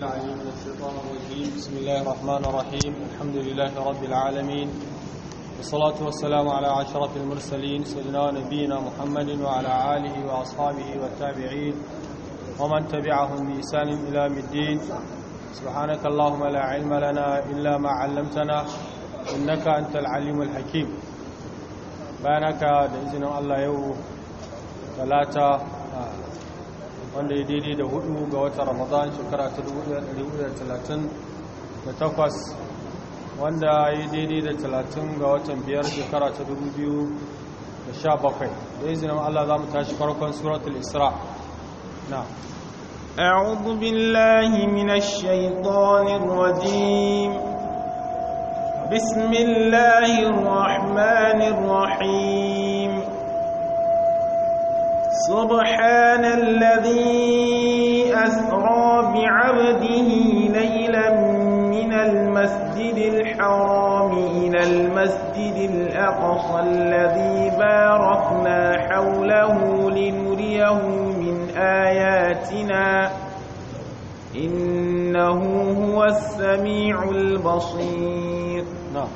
بسم الله الرحمن الرحيم الحمد لله رب العالمين والصلاة والسلام على عشرة المرسلين سيدنا نبينا محمد وعلى آله وأصحابه والتابعين ومن تبعهم بإحسان إلى الدين سبحانك اللهم لا علم لنا إلا ما علمتنا إنك أنت العليم الحكيم بانك بإذن الله يوم ثلاثة wanda ya daidai da hudu ga watan ramadan shekara ta 1438 wanda ya daidai da 30 ga watan biyar shekara ta 2017 da izinin Allah za mu tashi farkon suratul isra na أعوذ بالله من الشيطان الرجيم بسم الله الرحمن الرحيم سبحان الذي أسرى بعبده ليلا من المسجد الحرام إلى المسجد الأقصى الذي باركنا حوله لنريه من آياتنا إنه هو السميع البصير نعم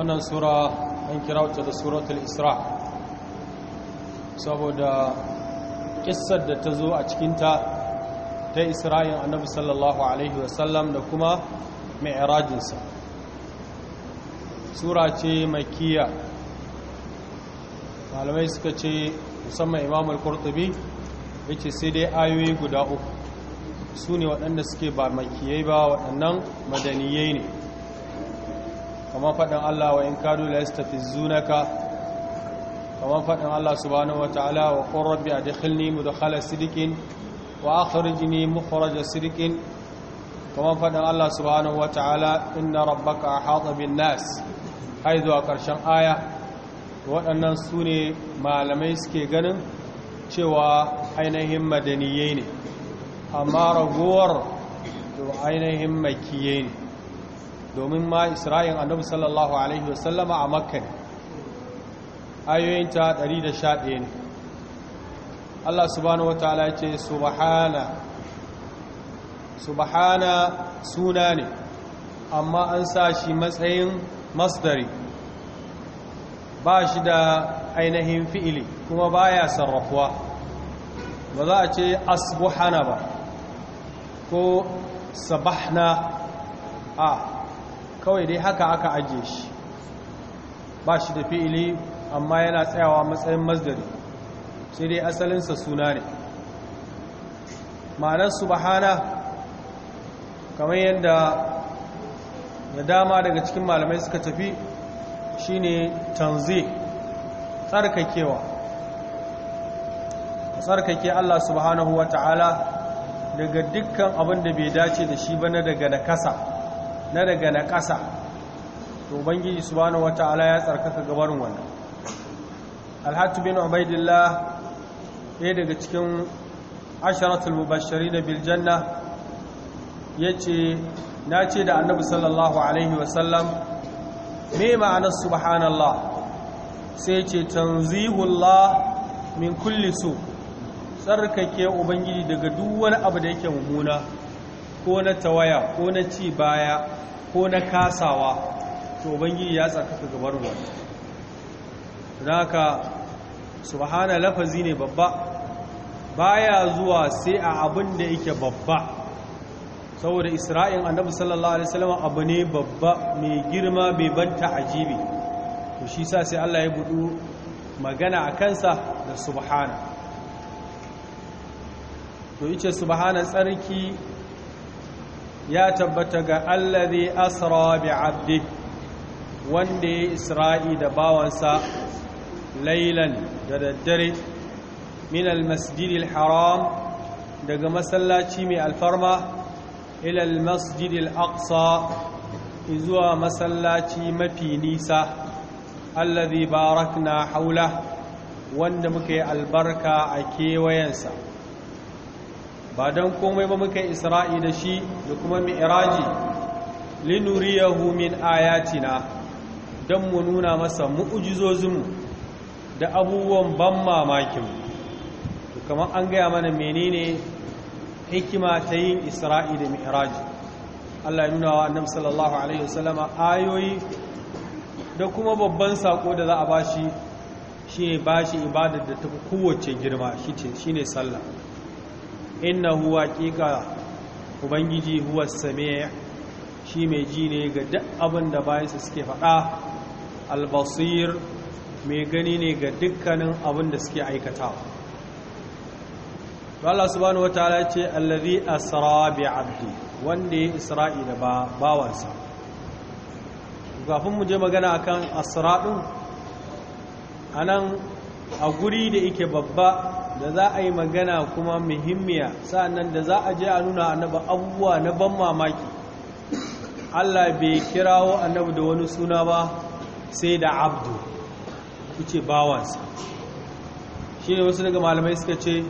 أنا سورة إن kirauta سورة suratul saboda kissar da ta zo a cikinta ta isra'in annabi sallallahu alaihi wasallam da kuma mi'rajinsa sura ce makiya malamai suka ce musamman imam al-qurtubi yace sai dai ayoyi guda uku su ne waɗanda suke ba makiyai ba waɗannan madaniyai ne kama faɗin Allah wa in kadu la zunaka. kamar faɗin Allah subhanahu wa ta'ala wa qur mu adkhilni mudkhala sidqin wa akhrijni mukhraja sidqin kamar faɗin Allah subhanahu wa ta'ala inna rabbaka ahata bin nas ai ƙarshen aya waɗannan su ne malamai suke ganin cewa ainihin madaniyai ne amma ragowar. to ainihin makiye ne domin ma isra'in annabi sallallahu alaihi wasallama a makka ne ayoyinta 111 ne Allah subhanahu ta'ala ya ce subhana subhana suna ne amma an sa shi matsayin masdari ba shi da ainihin fi'ili kuma ba ya sarrafuwa ba za a ce asbuhana ba ko sabahna a kawai dai haka aka ajiye shi ba shi da fi'ili amma yana tsayawa matsayin masdari sai dai asalinsa suna ne ma'anar subhana kamar yadda da dama daga cikin malamai suka tafi shi shine tanzi tsarkakewa tsarkake Allah subhanahu wa ta'ala daga dukkan abin da bai dace da shi ba na daga na kasa na daga na kasa to bangiji subhanahu wa ta'ala ya tsarkaka gabarin wannan alhatu bin ubaidillah ɗaya daga cikin asharatul mubashari na biljanna ya ce na ce da annabi sallallahu alaihi wasallam me ma'anar subhanallah sai ce tanzihullah min kulli su tsarkake ubangiji daga duk wani abu da yake mummuna ko na tawaya ko na ci baya ko na kasawa to ubangiji ya tsarkaka gabar wani naka haka subhana lafazi ne babba baya zuwa sai a abin da yake babba saboda isra'in annabi sallallahu alaihi wasallam abu ne babba mai girma mai banta ajibi to shi sa sai Allah ya budu magana a kansa da subhana to yace subhana tsarki ya tabbata ga allazi asra bi abdi wanda ya isra'i da bawansa lailan da daddare min almasjidi haram daga masallaci mai alfarma ila almasjidil aqsa izuwa masallaci mafi nisa alladhi barakna haula wanda muka yi albarka a kewayensa ba don komai ba muka isra'i da shi da kuma mi'raji linuriyahu min ayatina don mu nuna masa mu'ujizozinmu da abubuwan ban mamakin to kamar an gaya mana menene hikima ta yin isra'i da mi'raji Allah ya nuna wa sallallahu alaihi wasallama ayoyi da kuma babban sako da za a bashi shine bashi ibadar da tafi kowace girma shine sallah innahu haqiqa ubangiji huwa sami' shi mai ji ne ga duk abin da bayansa suke faɗa albasir mai gani ne ga dukkanin abin da suke aikatawa Allah subhanahu wataala ya ce allazi asra bi abdi wanda ya isra'i da bawansa kafin mu je magana akan asra din anan a guri da yake babba da za a yi magana kuma muhimmiya sa'annan da za a je a nuna annaba abubuwa na ban mamaki Allah bai kirawo annabi da wani suna ba sai da abdu kuce bawansa shi ne wasu daga malamai suka ce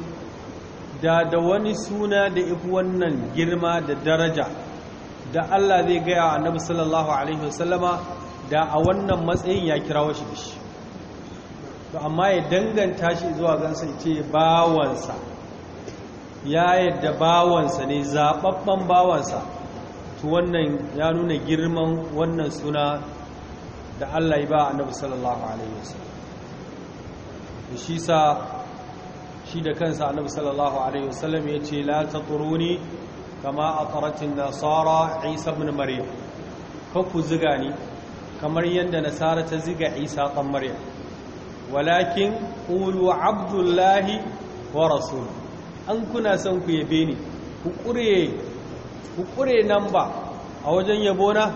da da wani suna da ifi wannan girma da daraja da Allah zai gaya wa nabi sallallahu alaihi wasallama da a wannan matsayin ya kira shi da shi to amma ya danganta shi zuwa gansa ce bawansa ya yadda bawansa ne zaɓaɓɓen bawansa to wannan ya nuna girman wannan suna da Allah ya ba annabi sallallahu alaihi wasallama da shi sa shi da kansa annabi sallallahu alaihi wasallam ya ce la tatruni kama ataratin nasara isa ibn maryam fa ku ziga ni kamar yadda nasara ta ziga isa dan maryam walakin qulu abdullahi wa rasul an kuna son ku yabe ni ku kure nan ba a wajen yabona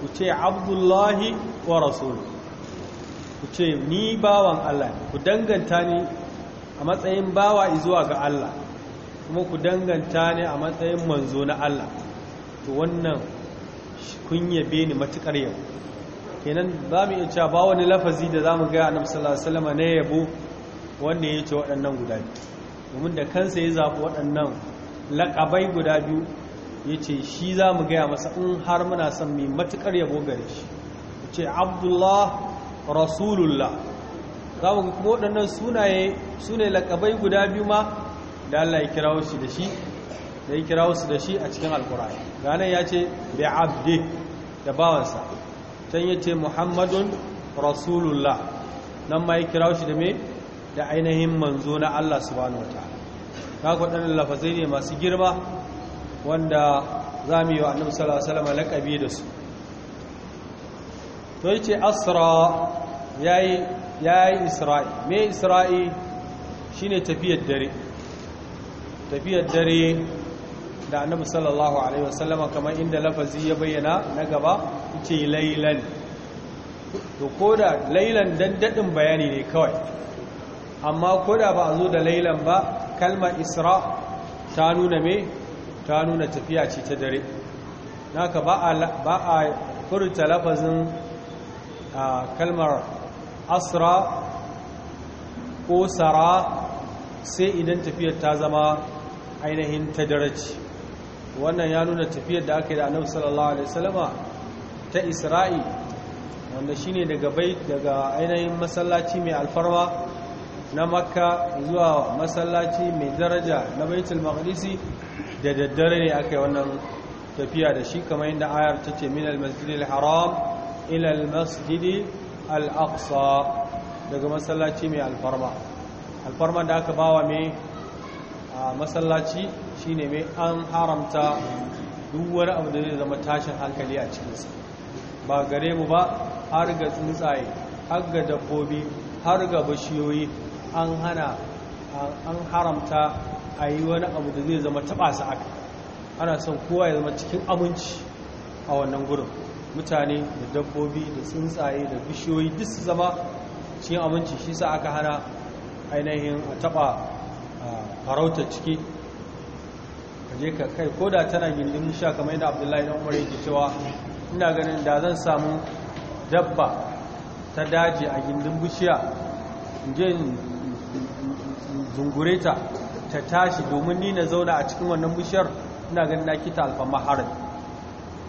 ku ce abdullahi wa rasul ku ce ni bawan Allah ku danganta ni a matsayin bawa izuwa ga Allah kuma ku danganta ni a matsayin manzo na Allah to wannan kun yabe ni matukar yau kenan za mu iya cewa ba wani lafazi da za mu ga annabi sallallahu alaihi wasallam yabo wanda ya ce waɗannan guda biyu domin da kansa ya zaɓi waɗannan laƙabai guda biyu ya ce shi za mu gaya masa in har muna son mai matukar yabo gare shi ce abdullah rasulullah za mu kuma waɗannan sunaye su laƙabai guda biyu ma da Allah ya kira wasu da shi da ya kira wasu da shi a cikin alkur'ani ganin ya ce bi abde da bawansa can ya ce muhammadun rasulullah nan ma ya kira wasu da mai da ainihin manzo na Allah su bani wata ga waɗannan lafazai ne masu girma wanda za mu yi wa annabi sallallahu alaihi wasallam laƙabi da su to yace asra yayi yayi isra'i me isra'i shine tafiyar dare tafiyar dare da annabi sallallahu alaihi wasallama kamar inda lafazi ya bayyana na gaba yace laylan to koda laylan dan dadin bayani ne kawai amma koda ba a zo da laylan ba kalmar isra ta nuna me ta nuna tafiya ce ta dare naka ba a furta lafazin kalmar asra ko sara sai idan tafiyar ta zama ainihin ta daraci wannan ya nuna tafiyar da aka yi da annabi sallallahu alaihi wasallama ta isra'i wanda shine daga bai daga ainihin masallaci mai alfarma na makka zuwa masallaci mai daraja na baitul maqdisi da daddare ne aka yi wannan tafiya da shi kamar yadda ayar ta ce min al-masjidil haram ilal masjidi al daga masallaci mai alfarma alfarma da aka bawa mai a masallaci ne mai an haramta duwar abu da zai zama tashin hankali a cikinsa ba gare mu ba har ga tsuntsaye har ga dabbobi har ga bishiyoyi an hana an haramta a yi wani abu da zai zama taɓa su aka ana son kowa ya zama cikin aminci a wannan gudun mutane da dabbobi da tsuntsaye da bishiyoyi duk su zama cikin abinci shi sa aka hana ainihin a taɓa farauta ciki kaje ka kai ko da tana gindin sha kamar yadda abdullahi ɗan umar ke cewa ina ganin da zan samu dabba ta daji a gindin bishiya je zungure ta ta tashi domin ni na zauna a cikin wannan bishiyar ina ganin na kita alfamma harin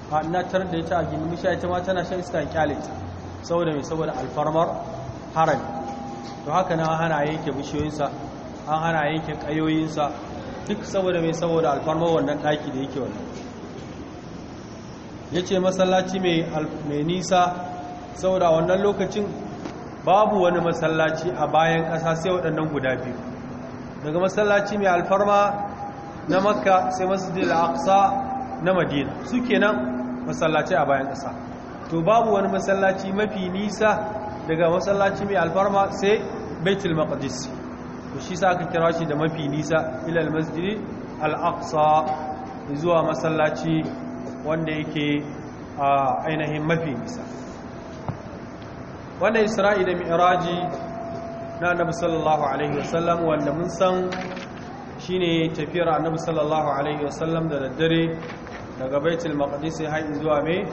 na tar da ita a gindin bishiya ita ma tana shan iska kyale ta saboda mai saboda alfarmar harami to haka na hana yanke bishiyoyinsa an hana yanke kayoyinsa duk saboda mai saboda alfarmar wannan daki da yake wannan ya ce masallaci mai nisa saboda wannan lokacin babu wani masallaci a bayan ƙasa sai waɗannan guda biyu daga masallaci mai alfarma na makka sai masjidil aqsa na madina su kenan masallaci a bayan ƙasa to babu wani masallaci mafi nisa daga masallaci mai alfarma sai baitul maqdis to shi sa aka kira shi da mafi nisa ilal masjidi al-aqsa zuwa masallaci wanda yake a ainihin mafi nisa wannan isra'i da mi'raji na annabi sallallahu alaihi wasallam wanda mun san shine tafiyar annabi sallallahu alaihi wasallam da daddare daga baitul maqdis har zuwa me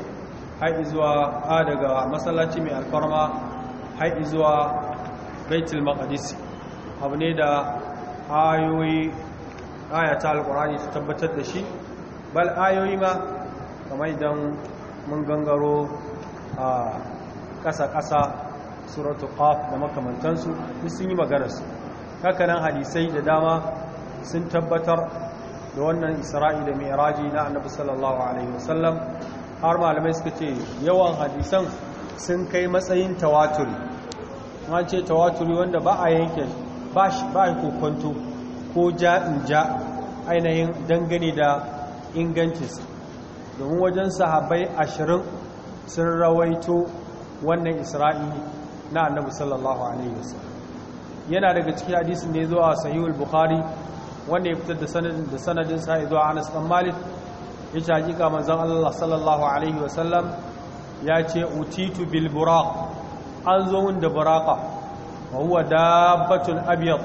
har zuwa a daga masallaci mai alfarma har zuwa baitul maqdis abu ne da ayoyi ayata alqur'ani su tabbatar da shi bal ayoyi ma kamar idan mun gangaro a ƙasa kasa suratul qaf da makamantansu sun yi maganarsu haka hadisai da dama sun tabbatar da wannan isra'i da mi'raji na annabi sallallahu alaihi wasallam har malamai suka ce yawan hadisan sun kai matsayin tawaturi ma ce tawaturi wanda ba a yanke ba shi ba kokonto ko ja in ja ainihin dangane da ingancinsa domin wajen sahabai ashirin sun rawaito wannan isra'i na annabi sallallahu alaihi wasallam yana daga cikin hadisin da ya zo a sahihul bukhari wanda ya fitar da sanadin sa zuwa Anas dan Malik yace hakika manzon Allah sallallahu alaihi ya ce utitu bil buraq an zo min da buraqa wa huwa dabbatun abyad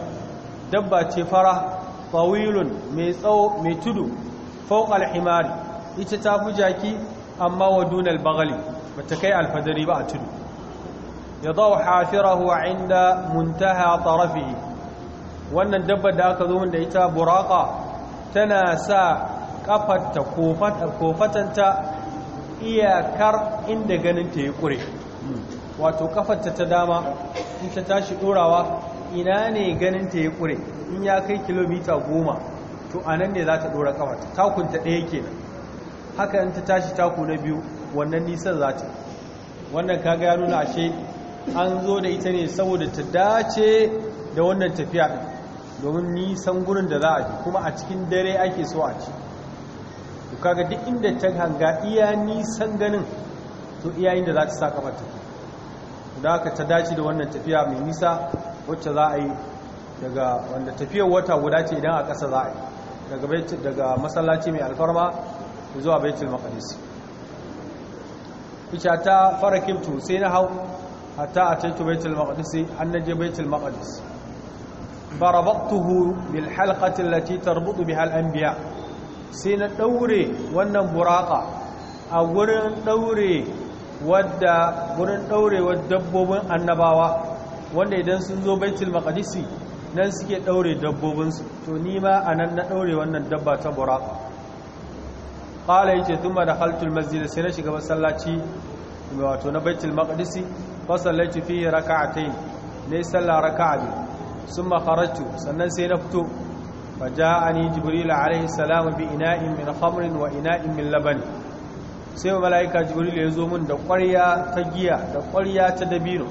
dabba ce fara tawilun mai tsawo mai tudu fawqa al himari ita ta fi jaki amma wa dunal bagali bata kai alfadari ba a tudu yadaw hafirahu inda muntaha tarafihi wannan dabbar da aka zo min da ita buraka tana sa kafarta kofatanta iyakar inda ganin ta yi kure wato kafarta ta dama in ta tashi ɗorawa ina ne ganin ta yi kure in ya kai kilomita goma to a nan ne za ta ɗora kafarta takunta ɗaya kenan haka in ta tashi taku na biyu wannan nisan za ta wannan kaga ya nuna ashe an zo da ita ne saboda ta dace da wannan tafiya domin nisan gurin da za a kuma a cikin dare ake so a ci to kaga duk inda ta hanga iya nisan ganin to iyayen da za ta sa kamar tafi da aka ta dace da wannan tafiya mai nisa wacce za a yi daga wanda tafiyar wata guda ce idan a ƙasa za a yi daga masallaci mai alfarma zuwa baitul maqdis ita ta fara kimtu sai na hau hatta a taito baitul maqdis an naje baitul maqdis فربطته بالحلقة التي تربط بها الأنبياء سين الدوري wannan buraka a wurin daure wadda wurin daurewar dabbobin annabawa wanda idan sun zo baitul maqdisi nan suke daure dabbobinsu to ni ma anan na daure wannan dabba ta buraka qala yace thumma dakhaltu almasjid sai na shiga masallaci wato na baitul maqdisi fa sallati fihi rak'atayn ne sallah raka'a biyu sun makaratu sannan sai na fito fa ja'ani jibril alaihi salam bi ina'in min khamrin wa ina'in min laban sai malaika jibril ya zo min da ƙwarya ta giya da ƙwarya ta dabino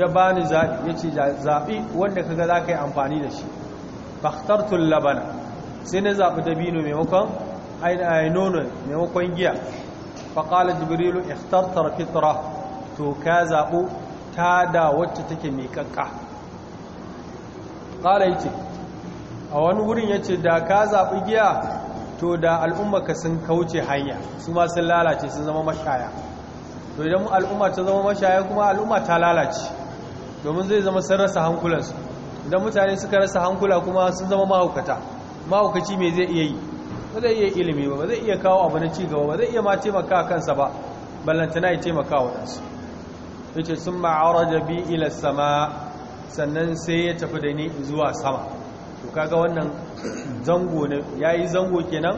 ya bani zaɓi ya ce zaɓi wanda kaga za ka yi amfani da shi bakhtartul labana sai na zaɓi dabino maimakon eh, nono maimakon giya faƙala jibrilu ikhtartar fitra to ka zaɓo ta da wacce take mai kakka kala yace a wani wurin ya ce da ka zaɓi giya to da ka sun kauce hanya su ma sun lalace sun zama mashaya to idan al'umma ta zama mashaya kuma al'umma ta lalace domin zai zama sun rasa hankulansu idan mutane suka rasa hankula kuma sun zama mahaukata mahaukaci mai zai iya yi ba zai iya ilimi ba ba zai iya kawo abu na cigaba ba zai iya ma taimaka kansa ba ballantana ya taimaka wa ɗansu yace sun bi ila sama sannan sai ya tafi da ni zuwa sama to kaga wannan zango ne yayi zango kenan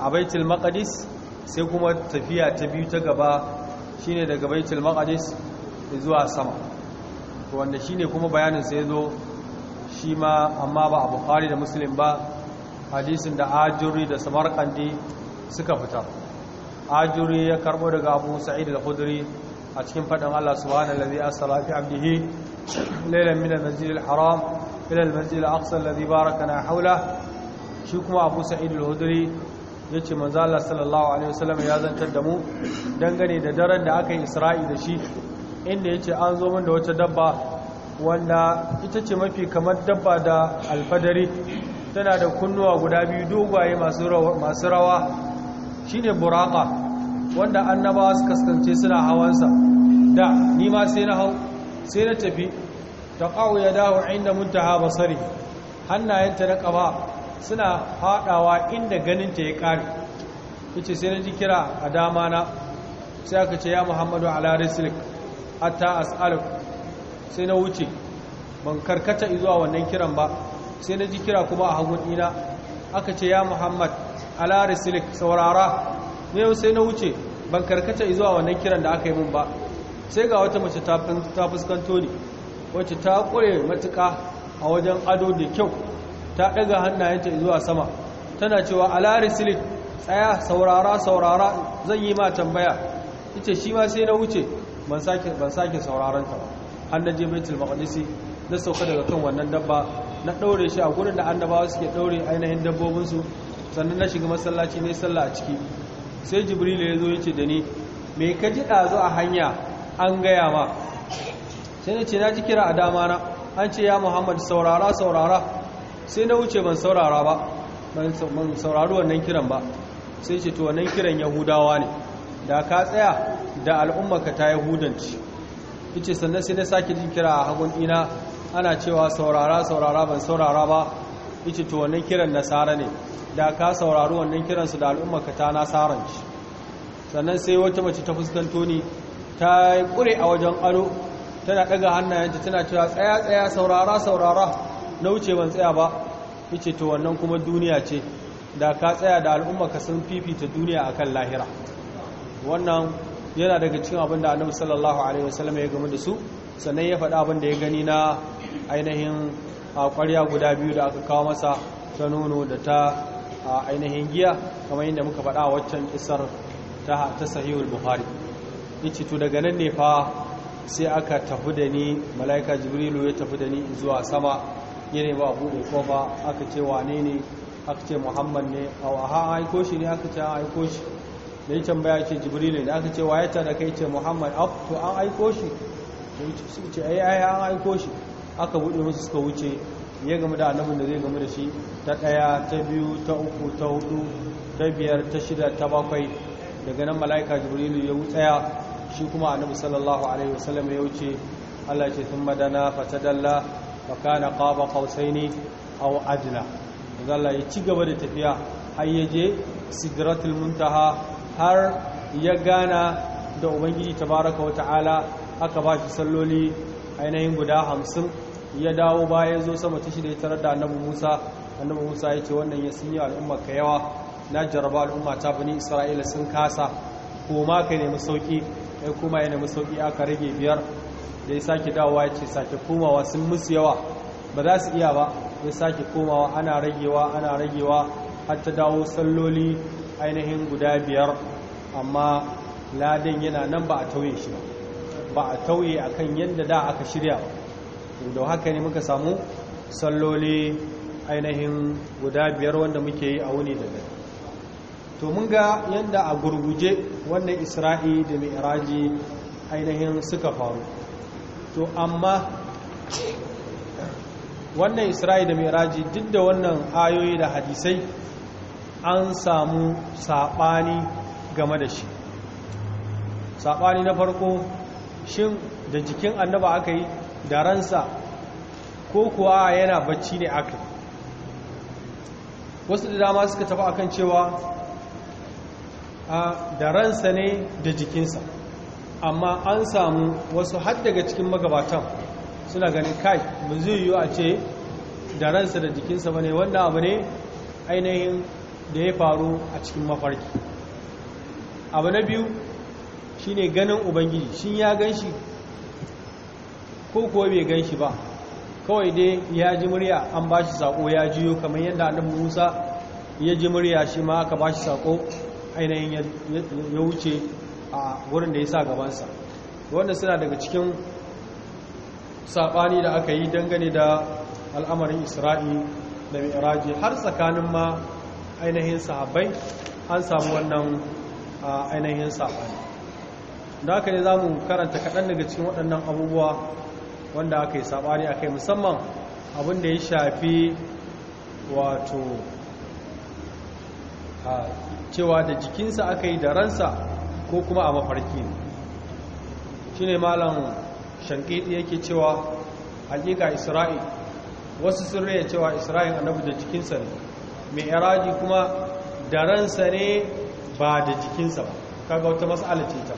a baitul maqdis sai kuma tafiya ta biyu ta gaba shine daga baitul maqdis zuwa sama to wanda shine kuma bayanin sai zo shi ma amma ba abu bukhari da muslim ba hadisin da ajuri da samarkandi suka fita ajuri ya karbo daga abu sa'id al-khudri a cikin fadan Allah subhanahu wa ta'ala asra fi abdihi ليلا من المسجد الحرام إلى المسجد الأقصى الذي باركنا حوله shi kuma abu sa'id al-hudri ya ce sallallahu alaihi wasallam ya zantar da mu dangane da daren da aka yi isra'i da shi inda yace an zo min da wata dabba wanda ita ce mafi kamar dabba da alfadari tana da kunnuwa guda biyu dogaye masu rawa shine buraka wanda annabawa suka kasance suna hawansa da ni ma sai na hau sai na tafi ta ƙawo ya dawo inda muntaha basari hannayenta na ƙaba suna haɗawa inda ganinta ya ƙare ce sai na ji kira a dama na sai aka ce ya muhammadu ala risilik hatta as'aluk sai na wuce ban karkata izuwa wannan kiran ba sai na ji kira kuma a hagun ina aka ce ya muhammad alari silik saurara ne sai na wuce ban karkata izuwa wannan kiran da aka yi mun ba sai ga wata mace ta fuskanto ne wacce ta kure matuka a wajen ado da kyau ta ɗaga hannayenta zuwa sama tana cewa lari silik tsaya saurara saurara zan yi ma tambaya ita shi ma sai na wuce ban sake sauraranta ba hannun je baitul na sauka daga kan wannan dabba na ɗaure shi a gurin da annabawa suke ɗaure ainihin dabbobinsu sannan na shiga masallaci ne sallah a ciki sai jibril ya zo ya ce da ni me ka ji ɗazu a hanya an gaya ma sai na ce na ji kira a damana an ce ya muhammad saurara saurara sai na wuce ban saurara ba ban saurari wannan kiran ba sai ce to wannan kiran yahudawa ne da ka tsaya da al'ummaka ta yahudanci ice sannan sai na sake jin kira a hagun ina ana cewa saurara saurara ban saurara ba ice to wannan kiran nasara ne da ka saurari wannan kiransu da al'ummaka ta nasaranci sannan sai wata mace ta fuskanto ni ta yi ƙure a wajen ado tana ɗaga hannayenta tana cewa tsaya tsaya saurara saurara na wuce ban tsaya ba ice to wannan kuma duniya ce da ka tsaya da al'umma ka sun fifita duniya akan lahira wannan yana daga cikin abin da annabi sallallahu alaihi wasallam ya game da su sannan ya faɗa abin da ya gani na ainihin ƙwarya guda biyu da aka kawo masa ta nono da ta ainihin giya kamar yadda muka faɗa waccan isar ta sahihul buhari. yace to daga nan ne fa sai aka tafi da ni malaika jibrilu ya tafi da ni zuwa sama ya ne ba bude kofa aka ce wane ne aka ce muhammad ne a ha aiko shi ne aka ce an aiko shi da ya tambaya ce jibrilu da aka ce wayata da kai ce muhammad af to an aiko shi da ya ce ce ai ai an aiko shi aka buɗe musu suka wuce ya gamu da annabin da zai gamu da shi ta ɗaya ta biyu ta uku ta hudu ta biyar ta shida ta bakwai daga nan mala'ika jibrilu ya wutsaya shi kuma annabi sallallahu alaihi wasallam ya wuce Allah ce sun madana fatadalla na kana qaba qausaini aw adna yanzu Allah ya ci gaba da tafiya har ya je sidratul muntaha har ya gana da ubangiji tabaraka wata'ala aka ba shi salloli ainihin guda hamsin ya dawo baya zo sama ta shida ya tarar da annabi Musa annabi Musa ya ce wannan ya sun yi al'umma ka yawa na jaraba al'umma ta bani Isra'ila sun kasa koma ka nemi sauki ai kuma yana nemi aka rage biyar da ya sake dawowa ya ce sake komawa sun musu yawa ba za su iya ba ya sake komawa ana ragewa ana ragewa har ta dawo salloli ainihin guda biyar amma ladan yana nan ba a tauye shi ba a tauye akan yadda da aka shirya ba da haka ne muka samu salloli ainihin guda biyar wanda muke yi a wuni da dare to mun ga yadda a gurguje wannan isra'i da mi'raji ainihin suka faru to amma wannan isra'i da mi'raji duk da wannan ayoyi da hadisai an samu saɓani game da shi saɓani na farko shin da jikin annaba aka yi da ransa ko kuwa yana bacci ne aka wasu da dama suka tafi akan cewa da ransa ne da jikinsa amma an samu wasu har daga cikin magabatan suna ganin kai ba zai yiwu a ce da ransa da jikinsa ba ne wanda abu ne ainihin da ya faru a cikin mafarki abu na biyu shine ganin ubangiji shin ya gan shi ko kuwa bai gan shi ba kawai dai ya ji murya an ba shi saƙo ya jiyo kamar yadda annabi musa ya ji murya shi ma aka ba shi saƙo ainihin ya wuce a wurin da ya sa gabansa wanda suna daga cikin saɓani da aka yi dangane da al'amarin isra'i da mi'raji har tsakanin ma ainihin sahabbai an samu wannan ainihin saɓani da aka ne za mu karanta kaɗan daga cikin waɗannan abubuwa wanda aka yi saɓani aka yi musamman abin da ya shafi wato cewa da jikinsa aka yi da ransa ko kuma a mafarki shi ne malam shankidi yake cewa hakika isra'il wasu sun raya cewa isra'il annabi da jikinsa ne mai iraji kuma da ransa ne ba da jikinsa ba kaga wata matsala ce ta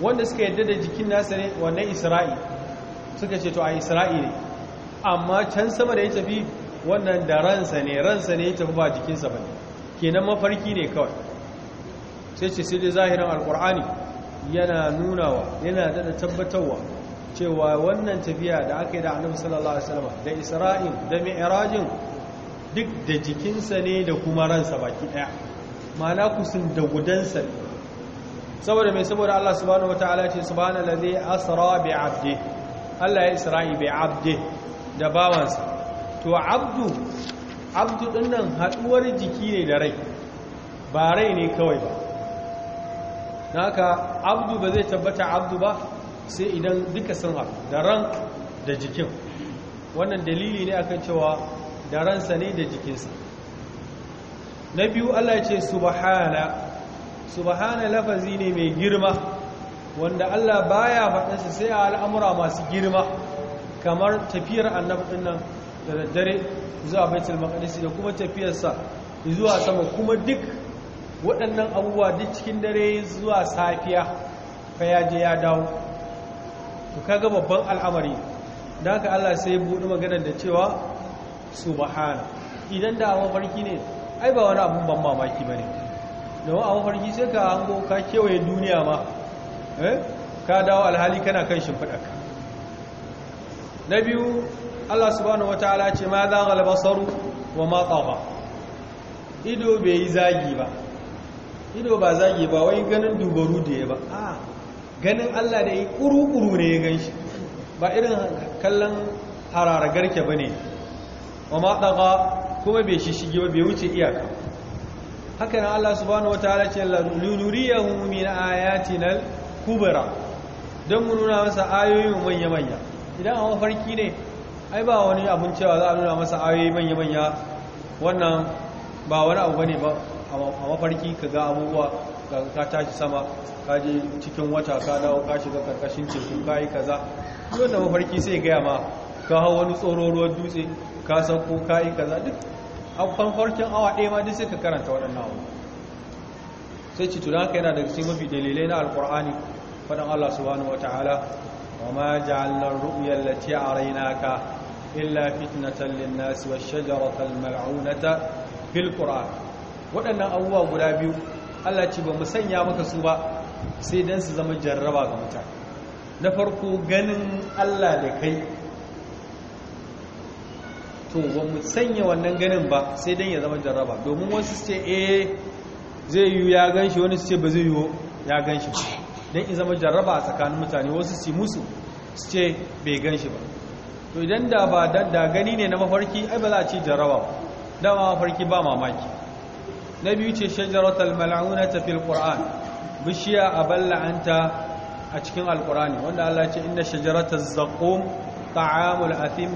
wanda suka yadda da jikin nasa ne wannan isra'il suka ce to a isra'il ne amma can sama da ya tafi wannan da ransa ne ransa ne ya tafi ba jikinsa ba ne kenan mafarki ne kawai sai ce sai dai zahirin alkur'ani yana nunawa yana daɗa tabbatarwa cewa wannan tafiya da aka yi da annabi sallallahu alaihi wasallam da isra'in da mi'rajin duk da jikinsa ne da kuma ransa baki ɗaya ma'ana kusin da gudansa ne saboda mai saboda Allah subhanahu wataala ce subhanallazi asra bi 'abdi Allah ya isra'i bi 'abdi da bawansa to abdu abdu ɗinnan haɗuwar jiki ne da rai ba rai ne kawai ba naka abdu ba zai tabbata abdu ba sai idan duka sun haɗu da ran da jikin wannan dalili ne akan cewa da ransa ne da jikinsa na biyu Allah ce subhana subhana lafazi ne mai girma wanda Allah baya faɗinsa sai a al'amura masu girma kamar tafiyar annabin nan da daddare zuwa baitul maqdis da kuma tafiyarsa zuwa sama kuma duk waɗannan abubuwa duk cikin dare zuwa safiya fa ya je ya dawo to kaga babban al'amari dan haka Allah sai ya buɗe magana da cewa subhana idan da farki ne ai ba wani abun ban mamaki bane wani a farki sai ka hango ka kewaye duniya ma eh? ka dawo alhali kana kan shimfiɗarka na biyu Allah subhanahu wataala ce ma za a saru wa ma ido bai yi zagi ba ido ba zagi ba wai ganin dubaru da ya ba a ganin Allah da ya ƙuru-ƙuru ne ya gan shi ba irin kallon hararagarke ba ne wa ma tsawa kuma bai shige ba bai wuce iyaka haka nan Allah subhanahu wataala ce na min na kubra don mu nuna masa ayoyin manya-manya idan a mafarki ne ai ba wani abun cewa za a nuna masa ayoyi manya-manya wannan ba wani abu bane ba a mafarki ka ga abubuwa ka tashi sama ka je cikin wata ka dawo ka shiga karkashin kayi ka yi kaza mafarki sai gaya ma ka hau wani tsororuwar dutse ka sauko ka za duk a farkin awa ɗaya ma duk sai ka karanta waɗannan abu sai ci tunan ka yana daga cikin mafi dalilai na alkur'ani faɗin allah subhanahu wa ta'ala wa ma ja'alna illa فتنة للناس والشجرة الملعونة في القرآن وأن qur'an waɗannan abubuwa guda biyu Allah ce ba mu sanya maka su ba sai dan su zama jarraba ga mutane na farko ganin Allah da kai to ba mu sanya wannan ganin ba sai dan ya zama jarraba domin wasu su ce eh zai yi ya ganshi wani su ce ba zai yi ya ganshi dan in zama jarraba a tsakanin mutane wasu su musu su ce bai ganshi ba to idan da ba da gani ne na mafarki ai ba za a ce jaraba dama mafarki ba mamaki na biyu ce shajaratul ta fil qur'an bishiya aballa'anta a cikin Alƙur'ani. wanda Allah ce inda inna shajarataz zaƙo ta'amul athim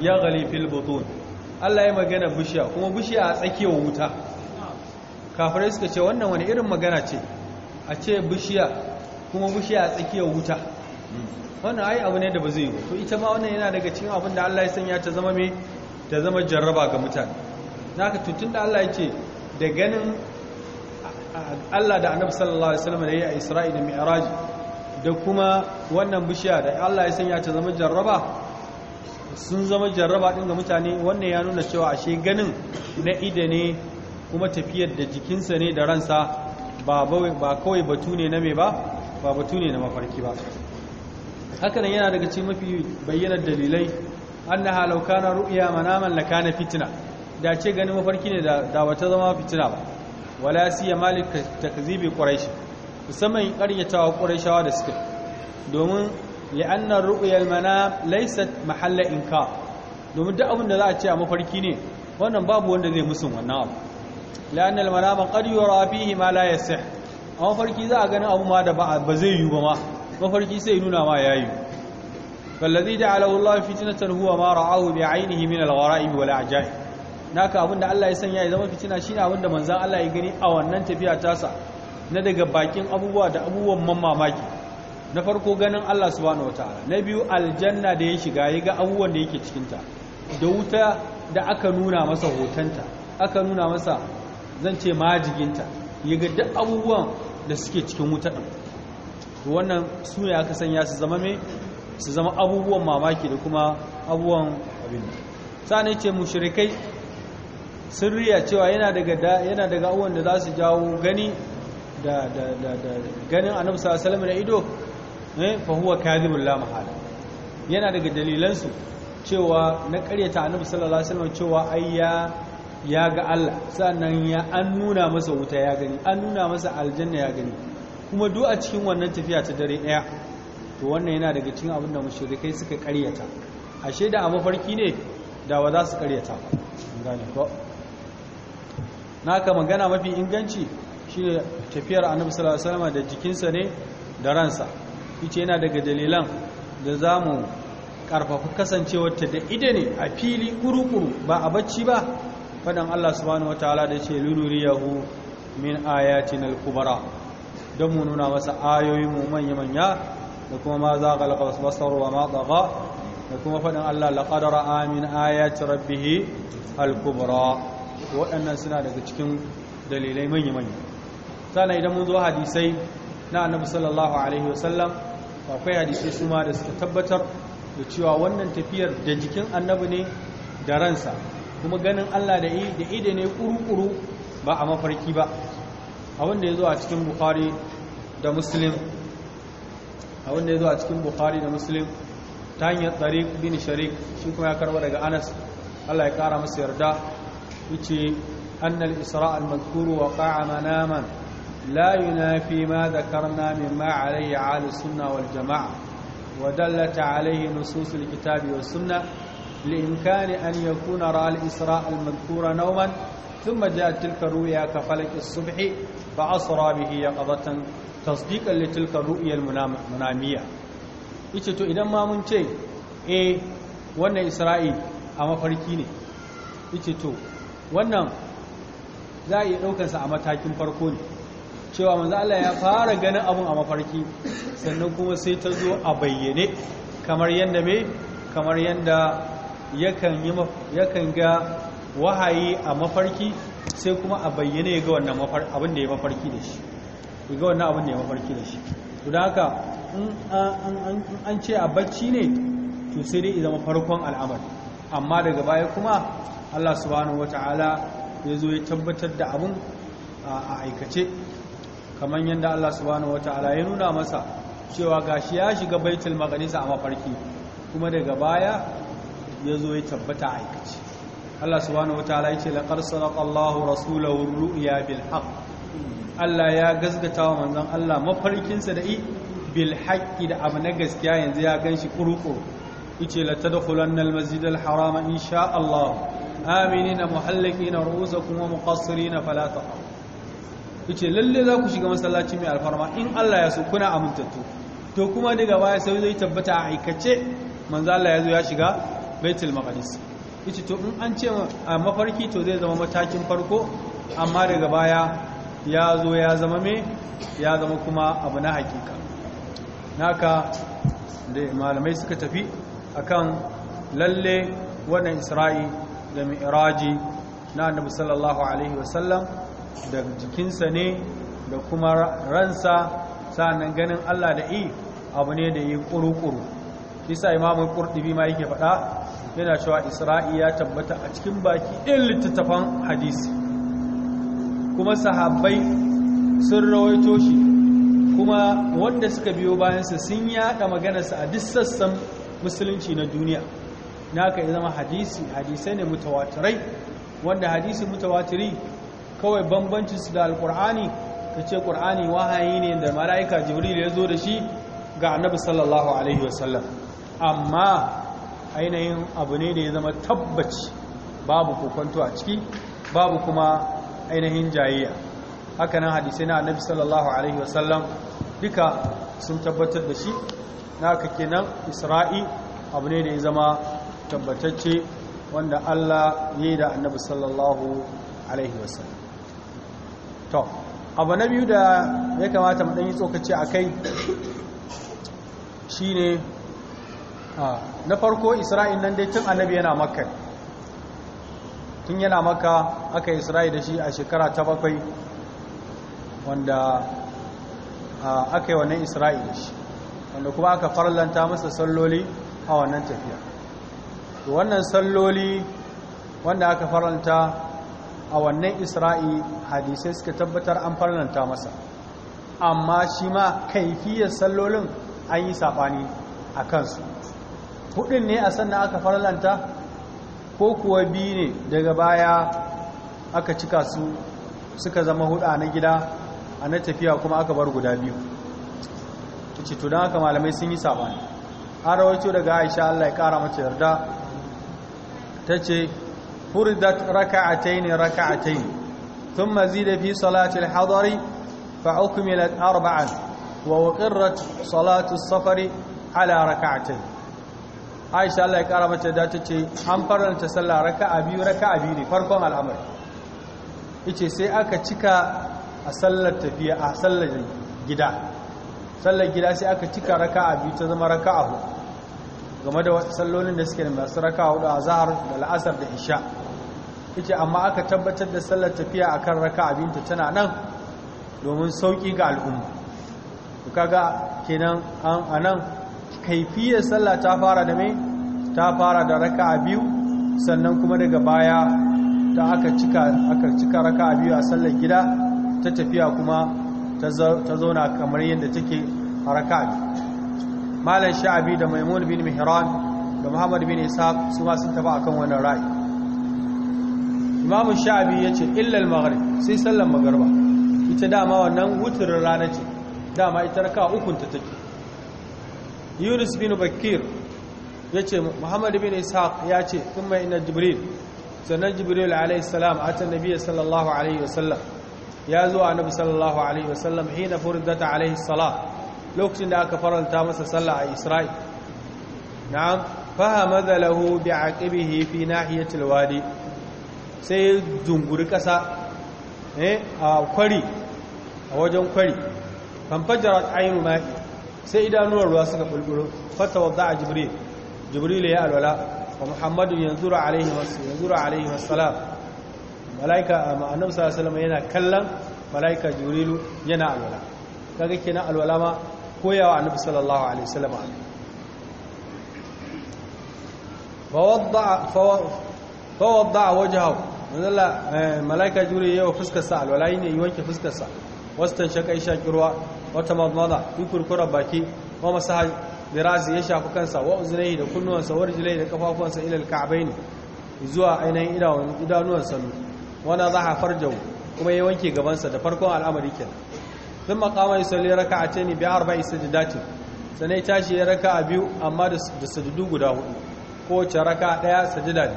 ya gali fil butun Allah ya magana bishiya kuma bishiya a tsakiyar wuta kafin suka ce wannan wani irin magana ce a ce bishiya kuma bishiya a tsakiyar wuta wannan ai abu ne da ba zai yi to ita ma wannan yana daga cikin abin da Allah ya sanya ta zama me ta zama jarraba ga mutane naka tutun da Allah yake ce da ganin Allah da Annabi sallallahu alaihi wasallam da a Isra'i da Mi'raj da kuma wannan bishiya da Allah ya sanya ta zama jarraba sun zama jarraba din ga mutane wannan ya nuna cewa ashe ganin na ida ne kuma tafiyar da jikinsa ne da ransa ba kawai batu ne na me ba ba batu ne na mafarki ba hakanan yana daga cikin mafi bayyanar dalilai annaha law kana ru'ya manaman na fitna da ce ganin mafarki ne da da wata zama fitina ba wala siya malik takzibi quraish musamman ƙaryatawa quraishawa da suka domin li'anna ru'ya al-manam laysat mahalla inkar domin duk abin da za a ce a mafarki ne wannan babu wanda zai musun wannan abu la'anna al-manam qad yura fihi ma la yasih a mafarki za a ganin abu ma da ba zai yi ba ma mafarki sai nuna ma yayi wallazi ja'alahu Allah fitnatan huwa ma ra'ahu bi 'ainihi min al-gharaib wal a'jab naka abinda Allah ya sanya ya zama fitina shine abinda manzon Allah ya gani a wannan tafiya tasa na daga bakin abubuwa da abubuwan mamaki na farko ganin Allah subhanahu wataala na biyu aljanna da ya shiga ya ga abubuwan da yake cikin ta da wuta da aka nuna masa hotonta aka nuna masa zan ce majiginta ya ga duk abubuwan da suke cikin wuta to wannan su ne aka sanya su zama mai su zama abubuwan mamaki da kuma abubuwan abin sa'an ce mushrikai sun riya cewa yana daga yana abubuwan da za su jawo gani da ganin annabi sallallahu da ido eh fa huwa kadhibul la yana daga dalilansu cewa na karyata annabi sallallahu alaihi wasallam cewa ai ya ga Allah sannan ya an nuna masa wuta ya gani an nuna masa aljanna ya gani kuma duk a cikin wannan tafiya ta dare ɗaya to wannan yana daga cikin abin da mushrikai suka karyata ashe da a mafarki ne da ba za su karyata gane ko naka magana mafi inganci shine tafiyar annabi sallallahu alaihi da jikinsa ne da ransa ita yana daga dalilan da zamu karfafa ta da ida ne a fili kurukuru ba a bacci ba fadan Allah subhanahu wataala da ce lunuriyahu min ayatinal kubara don mu nuna masa ayoyin mu manya manya da kuma ma za ka laqad basar wa ma tagha da kuma faɗin Allah laqad amin min ayati rabbih al-kubra waɗannan suna daga cikin dalilai manya manya sannan idan mun zo hadisai na annabi sallallahu alaihi wasallam akwai hadisai su ma da suka tabbatar da cewa wannan tafiyar da jikin annabi ne da ransa kuma ganin Allah da ide ne kuru-kuru ba a mafarki ba a wanda ya zo a cikin bukhari da muslim a wanda ya zo a cikin bukhari da muslim ta hanyar tsarik bin sharik shi kuma ya karba daga anas allah ya kara masa yarda wuce annal isra al-madkuru wa qa'a manaman la yunafi ma dhakarna mimma alayhi ahli sunna wal jamaa wa dallata alayhi nusus al-kitabi was sunnah لإمكان أن يكون رأى الإسراء المذكور نوما ثم جاءت تلك الرؤيا كفلك الصبح fa asra bihi yaqadatan tasdiqan li tilka ru'ya munamiya Ice to idan ma mun ce e wannan Isra'il a mafarki ne yace to wannan za a iya ɗaukansa a matakin farko ne cewa manzo Allah ya fara ganin abun a mafarki sannan kuma sai ta zo a bayyane kamar yadda me kamar yadda yakan ga wahayi a mafarki sai kuma a bayyane ga wannan abin da ya mafarki da shi ga wannan abin da ya mafarki da shi to da haka in an ce a bacci ne to sai dai zama farkon al'amari amma daga baya kuma Allah subhanahu wataala ya zo ya tabbatar da abin a aikace kamar yadda Allah subhanahu wataala ya nuna masa cewa gashi ya shiga baitul maganisa a mafarki kuma daga baya ya zo ya tabbata a aikace Allah subhanahu wataala yace laqad sadaqallahu rasulahu ru'ya bil haqq Allah ya gaskata wa manzon Allah mafarkinsa da i bil haqqi da abu na gaskiya yanzu ya ganshi kuruko yace la tadkhulanna al masjid al harama insha Allah aminina muhallikina ru'usakum wa muqassirina fala taqaw yace lalle za ku shiga masallaci mai alfarma in Allah ya so kuna amintattu to kuma daga baya sai zai tabbata a aikace manzo Allah ya zo ya shiga baitul maqdis ita to in an ce a mafarki to zai zama matakin farko amma daga baya ya zo ya zama me ya zama kuma abu na hakika naka da malamai suka tafi akan lalle wannan isra'i da mi'raji na annabi sallallahu alaihi wasallam da jikinsa ne da kuma ransa sa'annan ganin Allah da i abu ne da yi kuru-kuru isa imamu kurdubi ma yake faɗa yana cewa isra'i ya tabbata a cikin baki ɗin littattafan hadisi kuma sahabbai sun rawaito shi kuma wanda suka biyo bayansa sun yaɗa maganarsa a duk sassan musulunci na duniya naka ya zama hadisi hadisai ne mutawatirai wanda hadisi mutawatiri kawai bambancinsu da alkur'ani ka ce ƙur'ani wahayi ne da mala'ika jibril ya zo da shi ga annabi sallallahu alaihi wasallam amma ainihin abu ne da ya zama tabbaci babu kokonto a ciki babu kuma ainihin jayayya hakanan hadisai na annabi sallallahu alaihi wasallam duka sun tabbatar da shi na haka kenan isra'i abu ne da ya zama tabbatacce wanda Allah ya yi da annabi sallallahu alaihi wasallam to abu na biyu da ya kamata mu yi tsokaci a kai shi ne Ah, na farko isra'il nan dai tun annabi yana makka tun yana makka aka isra'il da shi a shekara ta bakwai wanda ah, aka yi wannan isra'il da shi wanda kuma aka farlanta masa salloli a wannan tafiya wannan salloli wanda aka farlanta a wannan isra'i hadisai suka tabbatar an farlanta masa amma shi ma kaifiyar sallolin an yi saɓani a kansu hudun ne a sannan aka farlanta ko kuwa biyu ne daga baya aka cika su suka zama hudu a na gida a na tafiya kuma aka bar guda biyu ta ce tunan aka malamai sun yi sabani an rawaito daga aisha allah ya kara mace yarda ta ce furdat raka'atai ne yi Tun mazi da fi salatul hadari fa'ukumilat arba'an wa waƙirar salatul safari ala raka'atai aisha Allah ya kara mace da ta ce an faranta sallah raka'a biyu raka'a biyu ne farkon al'amari yace sai aka cika a sallar tafiya a sallar gida sallar gida sai aka cika raka'a biyu ta zama raka'a hudu game da sallolin da suke da masu raka'a hudu a zahar da la'asar da isha yace amma aka tabbatar da sallar tafiya akan raka'a ta tana nan domin sauki ga al'umma kaga kenan anan kaifiyar sallah ta fara da mai ta fara da raka'a biyu sannan kuma daga baya ta aka cika aka cika raka'a biyu a sallar gida ta tafiya kuma ta zauna kamar yadda take a raka'a biyu malam sha'abi da maimun bin mihran da muhammad bin Isa su ma sun taba akan wannan rai. imamu sha'abi ya ce illal maghrib sai sallar magarba ita dama wannan wuturin rana ce dama ita raka'a ukunta take yunus bin bakir ya ce muhammad bin ishaq ya ce kuma ina jibril sannan jibril alaihi salam ata nabiya sallallahu alaihi wasallam ya zo a annabi sallallahu alaihi wasallam hina furdata alaihi salah lokacin da aka faranta masa sallah a isra'il na'am fahamada lahu bi'aqibihi fi nahiyati alwadi sai dunguri kasa eh a kwari a wajen kwari fanfajarat ainu ma'i sai idanuwar ruwa suka bulbulu fata wadda a jibril jibril ya alwala wa muhammadu yanzu ra alaihi wasu yanzu ra alaihi wasalam malaika a ma'anar salama yana kallon malaika jibrilu yana alwala kaga kenan alwala ma koyawa annabi sallallahu alaihi wasallam fawadda fawadda wajhahu manzala eh, malaika Jibrilu ya yi wa fuskarsa alwala ne yi wanke fuskarsa wastan shakai shakirwa wata madmada yi kurkura baki wa masaha birazi ya shafi kansa wa uzunai da kunnuwansa wa rijilai da kafafuwansa ilal ne, zuwa ainihin idanuwan sanu wana a farja kuma ya wanke gabansa da farkon al'amari kenan sun makama ya biya arba isa arba'i dati sanai tashi ya raka a biyu amma da sajudu guda hudu kowace raka daya sajida ne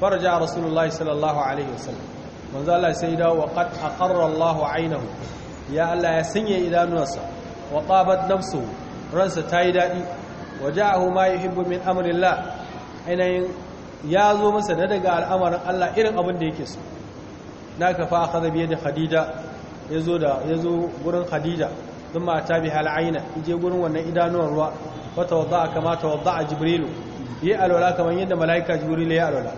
farja rasulullahi sallallahu alaihi wasallam manzo Allah sai dawo wa qad aqarra Allahu aynahu ya Allah ya sanya idanuwarsa wa qabat nafsu ransa ta tayi dadi waja'ahu ma yuhibbu min amrillah ainihin ya zo masa na daga al'amarin Allah irin abin da yake so naka fa akhadha bi yadi ya zo da zo gurin khadija thumma tabi hal aina je gurin wannan idanuwar ruwa a kamata wadda a jibrilu yi alwala kamar yadda malaika jibrilu ya alwala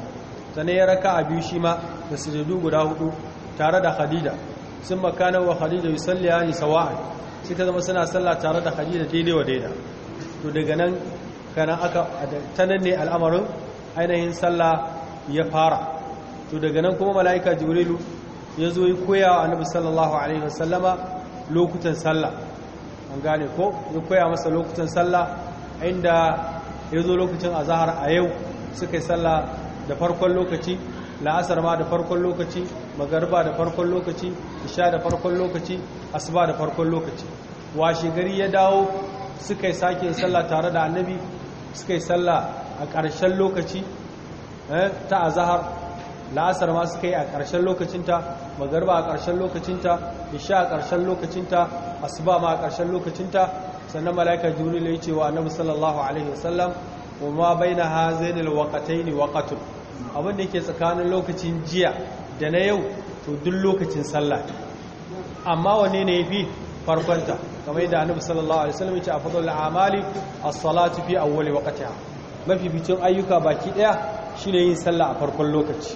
sannan ya raka a biyu shi ma da sujudu guda hudu tare da khadija sun makana wa khadija ya yi sawa'an shi ta zama suna sallah tare da khadija daidai wa daida to daga nan kana aka ta nan ne al'amarin ainihin sallah ya fara to daga nan kuma mala'ika jibrilu ya zo yi koya wa annabi sallallahu alaihi wasallama lokutan sallah an gane ko ya koya masa lokutan sallah inda ya zo lokacin azahar a yau suka yi sallah da farkon lokaci la'asar ma da farkon lokaci magarba da farkon lokaci isha da farkon lokaci asuba da farkon lokaci washe gari ya dawo suka yi sake sallah tare da annabi suka yi sallah a ƙarshen lokaci eh, ta azahar la'asar ma suka yi a ƙarshen lokacinta magarba a ƙarshen lokacinta isha a ƙarshen lokacinta asuba ma a ƙarshen lokacinta sannan mala'ika jibril ya ce wa annabi sallallahu alaihi wasallam wa ma baina hazainil waqataini waqatun abin da yake tsakanin lokacin jiya da na yau to duk lokacin sallah amma wane ne fi farkonta kamar yadda annabi sallallahu alaihi wasallam a afdalul a'mali as-salatu fi awwali waqtiha mafi bicin ayyuka baki daya shine yin sallah a farkon lokaci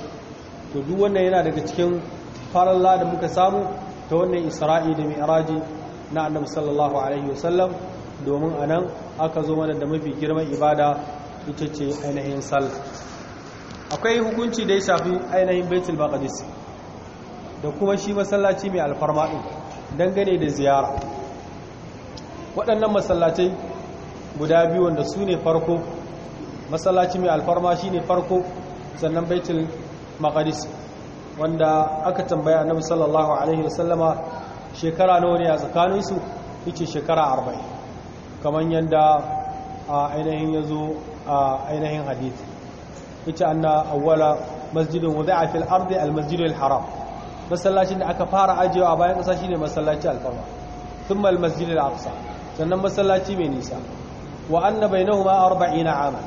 to duk wannan yana daga cikin faralla da muka samu ta wannan isra'i da mi'raji na annabi sallallahu alaihi wasallam domin anan aka zo mana da mafi girman ibada ita ce ainihin sallah akwai hukunci da ya shafi ainihin baitul maqdis da kuma shi masallaci mai alfarma din dangane da ziyara waɗannan masallatai guda biyu wanda su ne farko masallaci mai alfarma ne farko sannan baitul maqdis wanda aka tambaya annabi sallallahu alaihi wasallama shekara nawa ne a tsakaninsu yace shekara 40 kamar yanda a ainihin yazo a ainihin hadisi yace anna awwala masjidin wudi'a fil ardi al al haram masallacin da aka fara ajiyewa a bayan kasa shine masallaci alfarma thumma al al aqsa sannan masallaci mai nisa wa anna bainahuma 40 ama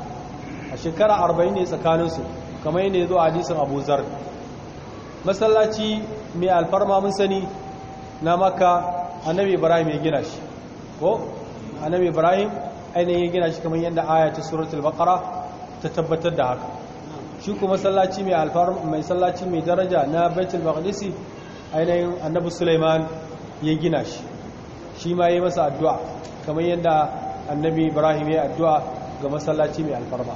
a shekara 40 ne tsakanin su kamar yadda yazo hadisin Abu Zar masallaci mai alfarma mun sani na maka annabi Ibrahim ya gina shi ko annabi Ibrahim ainihin ya gina shi kamar yadda aya ta suratul baqara ta tabbatar da haka shi kuma sallaci mai alfar mai sallaci mai daraja na baitul maqdisi ainihin annabi sulaiman ya gina shi shi ma yayi masa addu'a kamar yadda annabi ibrahim ya addu'a ga masallaci mai alfarma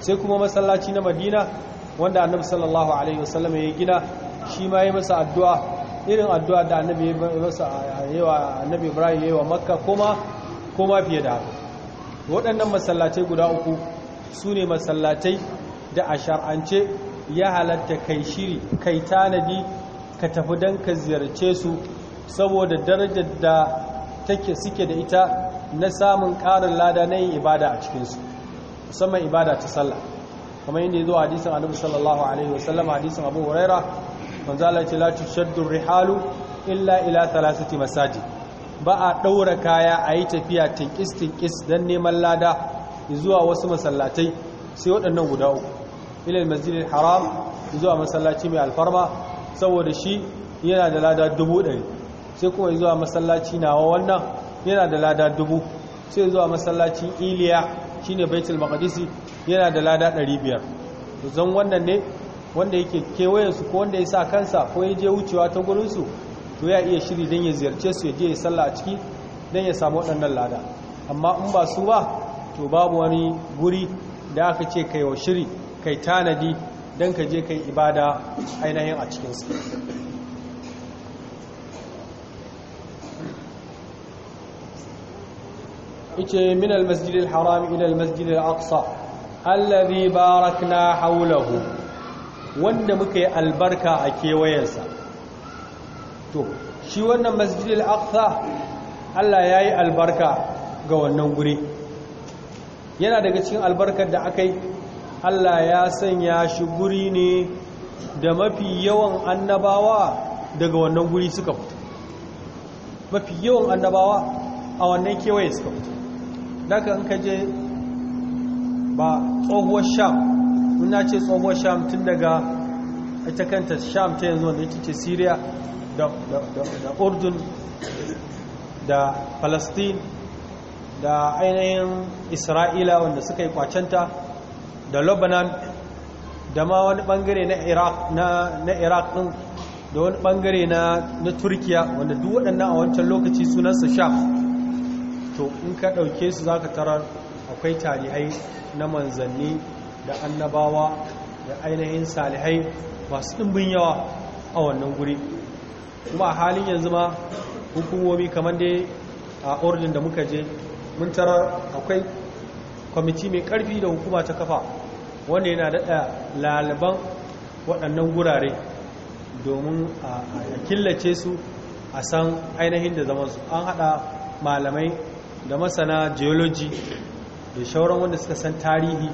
sai kuma masallaci na madina wanda annabi sallallahu alaihi wasallam ya gina shi ma yayi masa addu'a irin addu'a da annabi ya masa ibrahim ya yi wa makka kuma kuma fiye da haka waɗannan masallatai guda uku su ne masallatai da a shar'ance ya halatta kai shiri kai tanadi ka tafi don ka ziyarce su saboda darajar da take suke da ita na samun ƙarin lada na yin ibada a cikinsu musamman ibada ta sallah kamar yadda ya zo hadisin annabi sallallahu alaihi wasallam hadisin abu huraira manzo Allah ce la rihalu illa ila thalathati masajid ba a daura kaya a yi tafiya tinkis tinkis dan neman lada zuwa wasu masallatai sai waɗannan guda uku ilal al haram zuwa masallaci mai alfarma saboda shi yana da lada dubu ɗari sai kuma zuwa masallaci nawa wannan yana da lada dubu sai zuwa masallaci iliya shine baitul maqdisi yana da lada ɗari biyar zan wannan ne wanda yake su ko wanda ya sa kansa ko ya je wucewa ta gurinsu to ya iya shiri don ya ziyarce su ya je ya salla a ciki don ya samu waɗannan lada amma in ba su ba to babu wani guri da aka ce wa shiri kai tanadi don ka je kai ibada ainihin a cikinsu ike min almasjid alharam ila almasjid alaqsa alladhi barakna hawlahu wanda muka albarka a kewayensa to shi wannan masjid al-aqsa Allah yayi albarka ga wannan guri yana daga cikin albarkar da akai Allah ya sanya shi guri ne da mafi yawan annabawa daga wannan guri suka fito mafi yawan annabawa a wannan kewaye suka fito daga in ka je ba tsohuwar sham muna ce tsohuwar sham tun daga ita kanta sham ta yanzu wanda ita ce syria da urdun da palestine da ainihin isra'ila wanda suka yi kwacenta da lebanon da ma wani bangare na iraq din da wani bangare na turkiya wanda duk waɗannan a wancan lokaci sunansa shaf to in ka ɗauke su za ka tarar akwai talihai na manzanni da annabawa da ainihin salihai masu ɗimbin yawa a wannan guri kuma a halin yanzu ma hukumomi kamar dai a ordin da muka je mun tarar akwai kwamiti mai karfi da hukuma ta kafa wanda yana daɗa lalaban waɗannan gurare domin a killace su a san ainihin da su an haɗa malamai da masana geology da shauran wanda suka san tarihi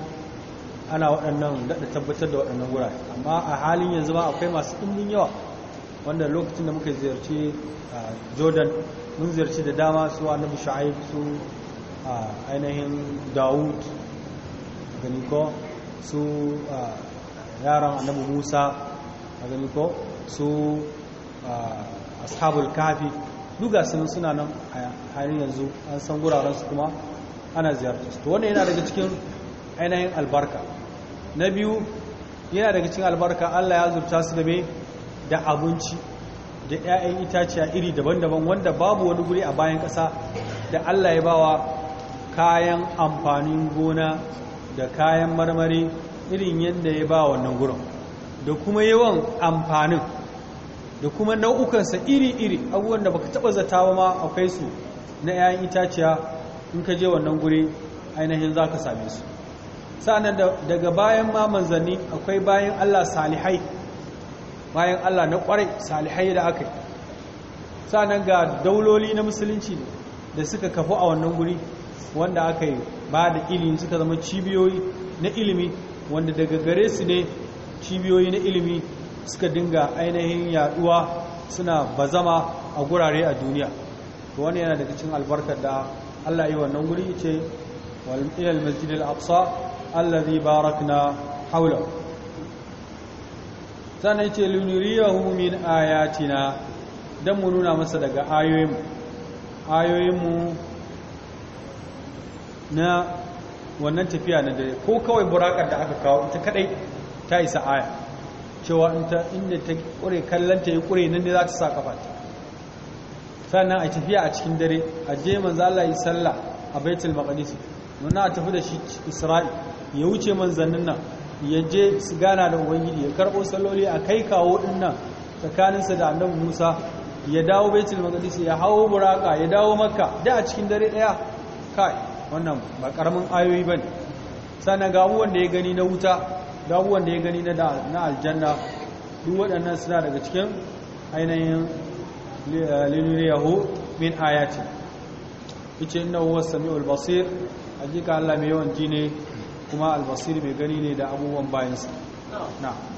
ana waɗannan daɗa tabbatar da waɗannan gurare amma a halin yanzu ba akwai masu ɗumbin yawa wanda lokacin da muka ziyarci jordan mun ziyarci da dama su annabi shu'aib su a ainihin dawud ko su yaran annabi musa gani ko su ashabul kafi duka sun suna nan a yanzu an san su kuma ana su to wannan yana daga cikin ainihin albarka na biyu yana daga cikin albarka allah ya zurta su da mai da abinci da 'ya'yan itaciya iri daban-daban wanda babu wani guri a bayan ƙasa da allah ya bawa kayan amfanin gona da kayan marmari irin yadda ya ba wannan gurin da kuma yawan amfanin da kuma nau'ukansa iri-iri abubuwan da baka taba zata ba ma akwai su na 'ya'yan itaciya in ka je wannan guri ainihin za ka same su sa'annan daga bayan ma manzanni akwai bayan Allah salihai bayan Allah na kwarai salihai da aka yi sa'annan ga dauloli na musulunci da suka kafu a wannan guri wanda aka yi ba da ilimi suka zama cibiyoyi na ilimi wanda daga gare su ne cibiyoyi na ilimi suka dinga ainihin yaduwa suna bazama a gurare a duniya to wani yana daga cikin albarkar da Allah yi wannan guri ce wal ilal masjid al aqsa alladhi barakna hawla ce yace lunuriyahu min ayatina dan mu nuna masa daga ayoyin ayoyin mu na wannan tafiya na dare ko kawai buraƙar da aka kawo ita kadai ta isa aya cewa inda ta ƙure kallanta ya ƙure nan ne za ta sa ta sannan a tafiya a cikin dare a je manzo Allah yi sallah a Baitul Maqdis a tafi da shi Isra'i ya wuce manzannin nan ya je su gana da Ubangiji ya karbo saloli a kai kawo din nan tsakaninsa da Annabi Musa ya dawo Baitul Maqdis ya hawo buraka ya dawo Makka da a cikin dare daya kai wannan ba karamin ayoyi bane sannan ga abubuwan da ya gani na wuta ga abubuwan da ya gani na aljanna duk waɗannan suna daga cikin ainihin eh, liluriyahu min ayati yace inna huwa samiul basir hakika Allah mai yawan ji ne kuma albasir mai gani ne da abubuwan bayansa na'am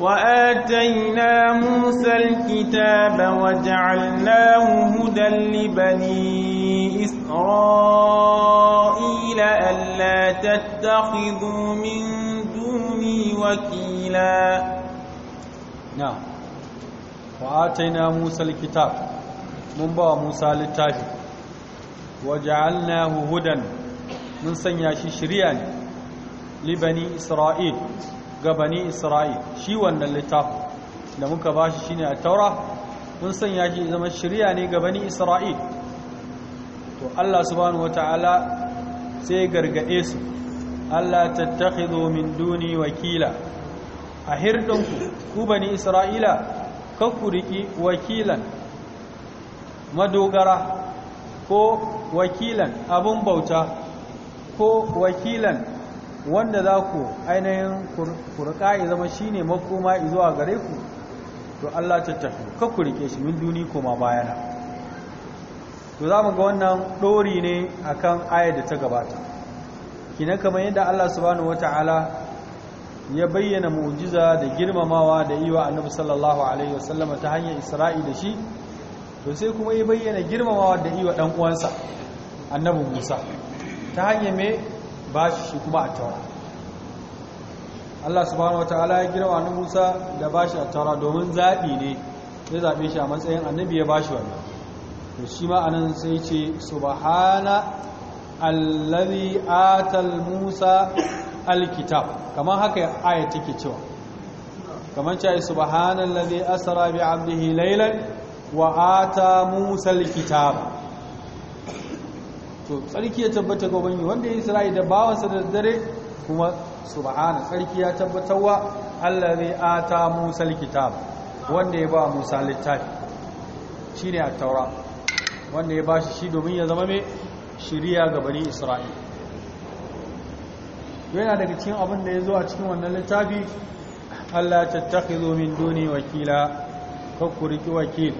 وآتينا موسى الكتاب وجعلناه هدى لبني إسرائيل ألا تتخذوا من دوني وكيلا نعم وآتينا موسى الكتاب منبع موسى للتاج وجعلناه هدى من سنياش شريان لبني إسرائيل ga bani isra'il shi wannan littafin da muka ba shi shine a taura mun sanya shi zama shari'a ne ga bani isra'il to Allah subhanahu wataala sai gargade su Allah tattakhidhu min duni wakila a hirdinku ku bani isra'ila kanku riki wakilan madogara ko wakilan abun bauta ko wakilan wanda za ku ainihin kurka ya zama shi ne makoma zuwa gare ku to Allah ta tafi kakku rike shi min duni koma bayana to za mu ga wannan ɗori ne a kan ayar da ta gabata kina kamar yadda Allah subhanahu wata'ala ya bayyana mu'jiza da girmamawa da wa annabi sallallahu alaihi wasallama ta hanyar isra'i da shi to sai kuma ya bayyana girmamawa da iwa ɗan uwansa annabi musa ta hanyar mai ba shi shi kuma a taura Allah subhanahu wataala ya girma na Musa da ba shi a taura domin zaɓi ne ya zaɓe shi a matsayin annabi ya ba shi wannan da shi ma anan sai ce subhana allazi atal Musa alkitab kamar haka ya aya take cewa kamar cewa subhana asra bi 'abdihi laylan wa ata Musa alkitab to tsarki ya tabbata ga ubangi wanda ya isra'i da bawansa da dare kuma subhana tsarki ya tabbatarwa a ata musa alkitab wanda ya ba musa littafi ne a taura wanda ya ba shi domin ya zama mai shirya ga bani isra'il yana daga cikin abin da ya zo a cikin wannan littafi Allah tattakhidhu min duni wakila kakuriki riki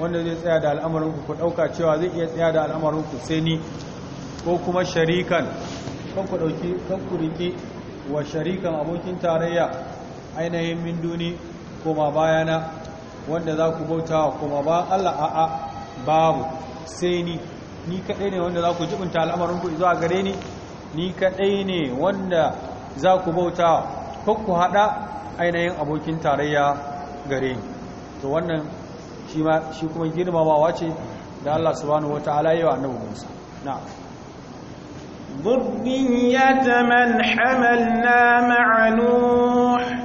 wanda zai tsaya da al'amarinku ku ɗauka cewa zai iya tsaya da al'amarinku sai ni ko kuma sharikan kan ku ɗauki kan ku riƙe wa sharikan abokin tarayya ainihin min duni koma bayana wanda za ku bauta koma ba Allah a'a babu sai ni ni kaɗai ne wanda za ku jibinta al'amarinku zuwa gare ni ni kaɗai ne wanda za ku bauta wa ku haɗa ainihin abokin tarayya gare ni to wannan shi ma shi kuma girmamawa ce da Allah subhanahu wata'ala yi wa annabi Musa na'am dhurriyyatan man hamalna ma'a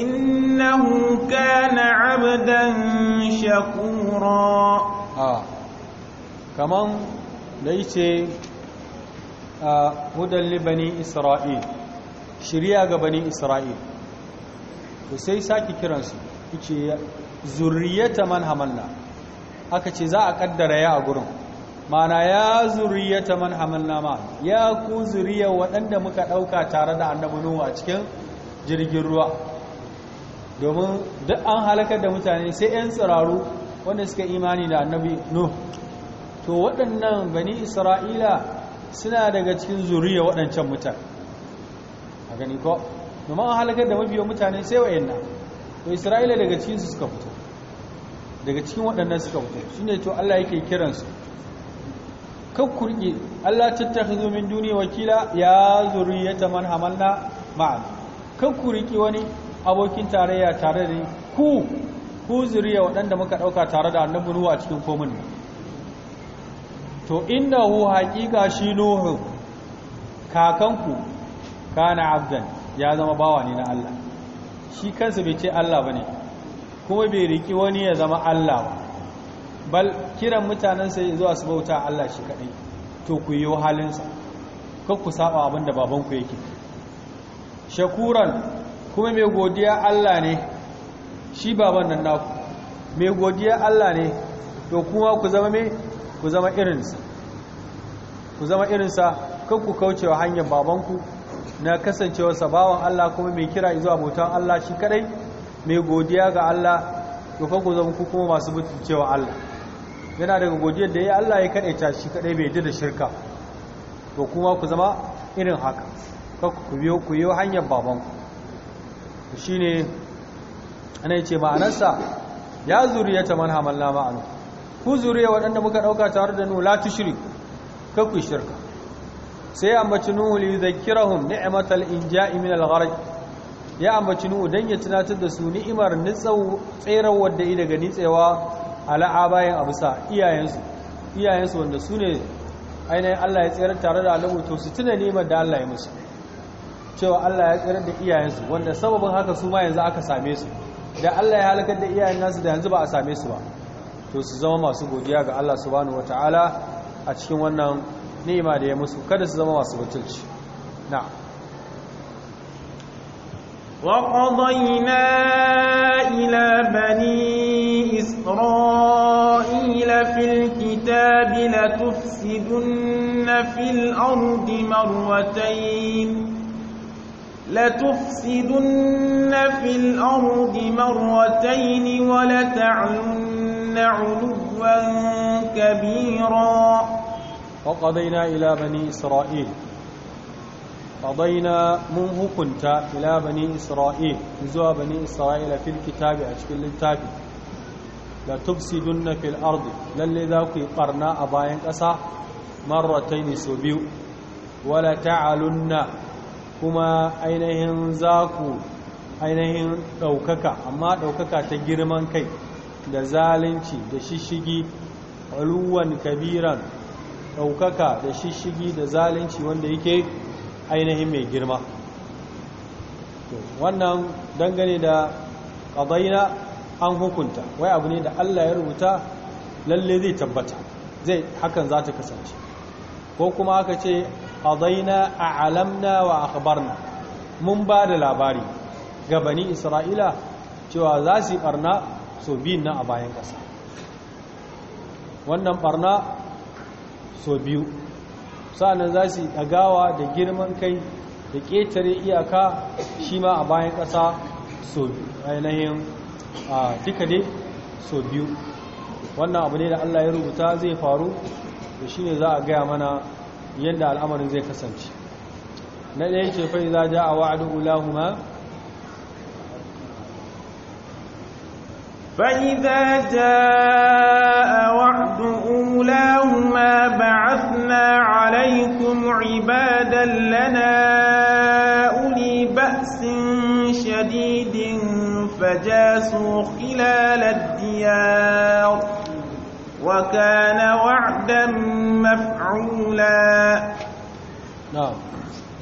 innahu kana 'abdan shakura a kaman da yace hudal libani isra'il shirya ga bani isra'il sai saki kiransu yace zurriyata man hamalna aka ce za a kaddara ya a gurin mana ya zurriyata man hamalna ma ya ku zuriya waɗanda muka ɗauka tare da annabi nuhu a cikin jirgin ruwa domin duk an halakar da mutane sai 'yan tsiraru wanda suka imani da annabi nuhu to waɗannan bani isra'ila suna daga cikin zuriya waɗancan mutane a gani ko domin an halakar da mafiya mutane sai wa'yan na to isra'ila daga cikinsu suka fito daga cikin waɗannan suka fito ne to Allah yake kiransu kan ku ta Allah min duniya wakila ya zuriyata man hamalna ma'a kan ku wani abokin tarayya tare da ku ku zuriya waɗanda muka ɗauka tare da annabi ruwa cikin komin to innahu haqiqa shi Nuhu kakanku kana abdan ya zama bawa ne na Allah shi kansa bai ce Allah bane kuma bai riki wani ya zama Allah ba bal kiran mutanen sai zuwa su bauta Allah shi kadai to ku yi sa kar ku saba abin da ku yake shakuran kuma mai godiya Allah ne shi baban nan naku mai godiya Allah ne to kuma ku zama me ku zama irinsa ku zama irinsa kar ku kauce wa hanyar babanku na kasancewa sabawan Allah kuma mai kira zuwa bautan Allah shi kadai mai godiya ga Allah ga fa ku zama ku kuma masu mutuncewa Allah yana daga godiyar da ya Allah ya kadaita shi kadai bai da shirka to kuma ku zama irin haka ka ku biyo ku yi hanyar babanku shine ana yace ma'anarsa ya zuriyata man hamalna ma'anu ku zuriya waɗanda muka ɗauka tare da nu la tushriku ka ku shirka sai ambaci nuhu li yudhakkirahum ni'matal inja'i min al-gharq ya ambaci nuhu don ya tunatar da su ni'imar nitsau tserar wadda yi daga nitsewa ala'a bayan sa iyayensu iyayensu wanda su ne ainihin Allah ya tsere tare da alamu to su tuna ni'imar da Allah ya musu cewa Allah ya tsere da iyayensu wanda sababin haka su ma yanzu aka same su da Allah ya halakar da iyayen nasu da yanzu ba a same su ba to su zama masu godiya ga Allah subhanahu wataala a cikin wannan ni'ima da ya musu kada su zama masu mutunci na'am وَقَضَيْنَا إِلَى بَنِي إِسْرَائِيلَ فِي الْكِتَابِ لَتُفْسِدُنَّ فِي الْأَرْضِ مَرَّتَيْنِ لَتُفْسِدُنَّ فِي الْأَرْضِ مَرَّتَيْنِ وَلَتَعْلُنَّ عُلُوًّا كَبِيرًا وَقَضَيْنَا إِلَى بَنِي إِسْرَائِيلَ qadaina mun hukunta ila bani isra'il zuwa bani isra'ila fil kitabi a cikin littafi la tufsidunna fil ardi lallai za ku yi barna a bayan ƙasa marrataini so biyu wala ta'alunna kuma ainihin za ku ainihin ɗaukaka amma ɗaukaka ta girman kai da zalunci da shishigi uluwan kabiran ɗaukaka da shishigi da zalunci wanda yake ainihin mai girma wannan dangane da ƙadaina an hukunta wai abu ne da allah ya rubuta lalle zai tabbata zai hakan za ta kasance ko kuma aka ce ƙadaina a alamna wa akabarna mun ba da labari ga bani isra'ila cewa za su yi ɓarna so biyun nan a bayan ƙasa wannan ɓarna so biyu sa'annan za su ɗagawa da girman kai da ƙetare iyaka shi ma a bayan ƙasa so ainihin duka ne so biyu wannan abu ne da allah ya rubuta zai faru da shi ne za a gaya mana yadda al'amarin zai kasance na ɗaya ce fai za ja a wa'adu ulahuma فإذا جاء وعد أولاهما بعثنا عليكم عبادا لنا أولي بأس شديد فجاسوا خلال الديار وكان وعدا مفعولا نعم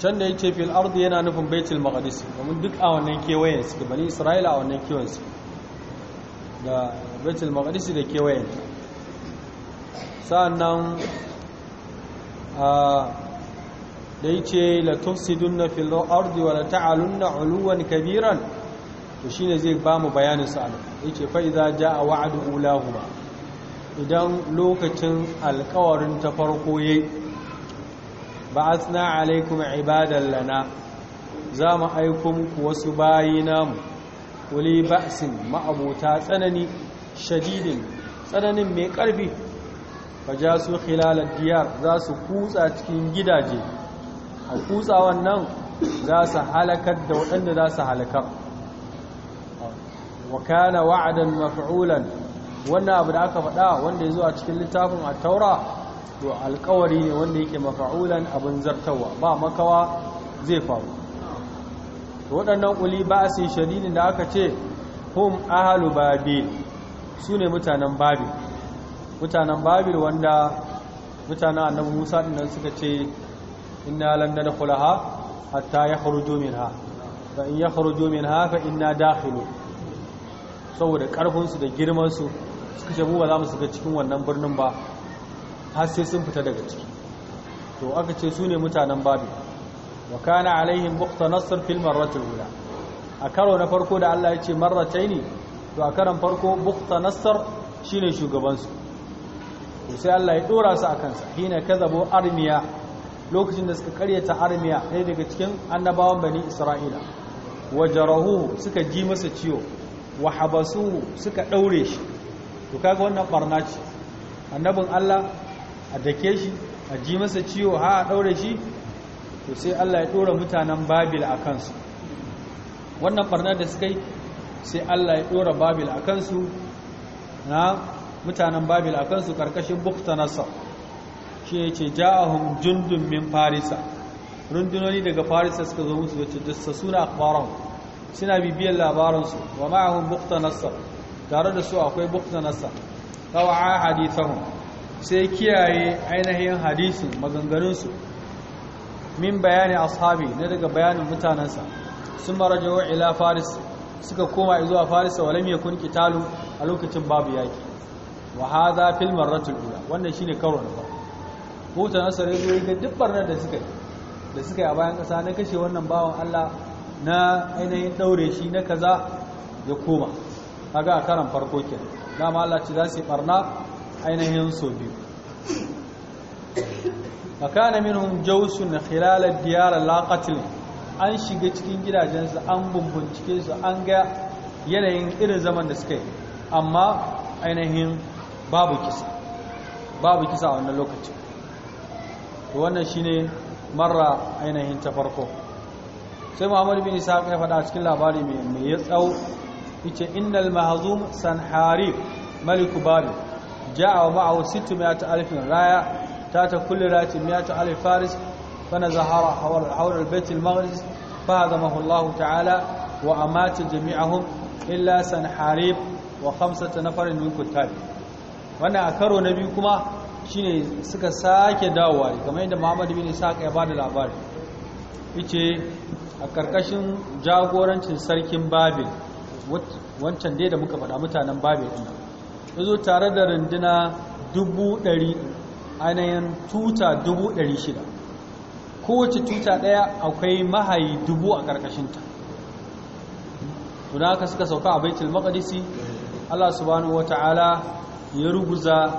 can da ya ce fil ardi yana nufin baitul maqdis domin duk a wannan kewayen su bani isra'ila a wannan kewayen su da betul maqdisi da kewayen sa'annan a da yace la tufsidunna fil ardi wa la ta'alunna uluwan kabiran to shine zai ba mu bayanin sa yace fa idza jaa wa'du ulahuma idan lokacin alƙawarin ta farko yayi ba'athna alaikum ibadan lana za mu aiko muku wasu bayi namu wali ba'sin ma'abota tsanani shadidin tsananin mai ƙarfi ba ja su khilalar diyar za su kutsa cikin gidaje a kutsawan nan za su halakar da waɗanda za su halakar wa kana wa'adan maf'ulan wannan abu da aka faɗa wanda ya zo a cikin littafin a taura to alkawari ne wanda yake mafa'ulan abin zartawa ba makawa zai faru to waɗannan a sai shadidin da aka ce hum ahalu babil su ne mutanen babil mutanen babil wanda mutanen annabi musa ɗinan suka ce inna kula ha hatta ya yakhruju ha, ba in ya yakhruju ha ka ina dakhilu saboda ƙarfinsu da girmansu suka ce buwa ba za mu suka cikin wannan birnin ba har sai sun fita daga ciki to aka ce su ne mutanen babil wa kana alaihim buqta nasr fil marrati ula a karo na farko da Allah ya ce marrataini to a karon farko buqta nasr shine shugaban su to sai Allah ya dora su akan sa hina kazabu armiya lokacin da suka karyata armiya ɗaya daga cikin annabawan bani isra'ila wa suka ji masa ciwo wa habasu suka daure shi to kaga wannan barna ce annabin Allah a dake shi a ji masa ciwo ha a daure shi to sai Allah ya dora mutanen babil a kansu wannan barnar da suka yi sai Allah ya dora babil a kansu na mutanen babil a kansu karkashin bukta nasar shi ya ce ja'ahun jundun min farisa rundunoni daga farisa suka zo musu wacce dasa suna akwaron suna bibiyar labaransu wa ma'ahun bukta nasar tare da su akwai bukta nasar a hadisan sai kiyaye ainihin hadisin maganganunsu min bayani ashabi ne daga bayanin mutanensa sun marajawa ila faris suka koma zuwa faris wa lam yakun qitalu a lokacin babu yaki wa hadha fil marratil ula wannan shine karo na farko huta nasar yazo ga duk barnar da suka da suka a bayan kasa na kashe wannan bawan Allah na ainihin daure shi na kaza ya koma kaga a karan farko kenan dama Allah ci za su barna ainihin so biyu makana minhum jawsun khilal ad-diyar laqatil an shiga cikin gidajensu an bumbuncike su an ga yanayin irin zaman da suka yi amma ainihin babu kisa babu kisa a wannan lokacin to wannan shine marra ainihin ta farko sai Muhammad bin Isa ya faɗa cikin labari mai ya tsau yace innal mahzum sanharib malik bari ja'a ma'ahu alfin raya Tata Kulli Lati miya ta Alayy Faras tana Zahra a hauɗar betul magani faɗa mahu Allahu ta'ala wa amati jami'a illa San Hareb wa Kamsata na farin minkun Talle. Wannan karo na biyu kuma shine suka sake dawo a yi. Gwamnati da Muhammadu na bada labari. Ita A ƙarƙashin jagorancin sarkin babil wancan dai da muka faɗi mutanen babil yazo tare da rinduna dubu ainihin tuta dubu shida, kowace tuta ɗaya akwai mahayi dubu a ƙarƙashinta. tuna haka suka sauka a baitul maƙadisi? Allah subhanahu wata'ala ya ruguza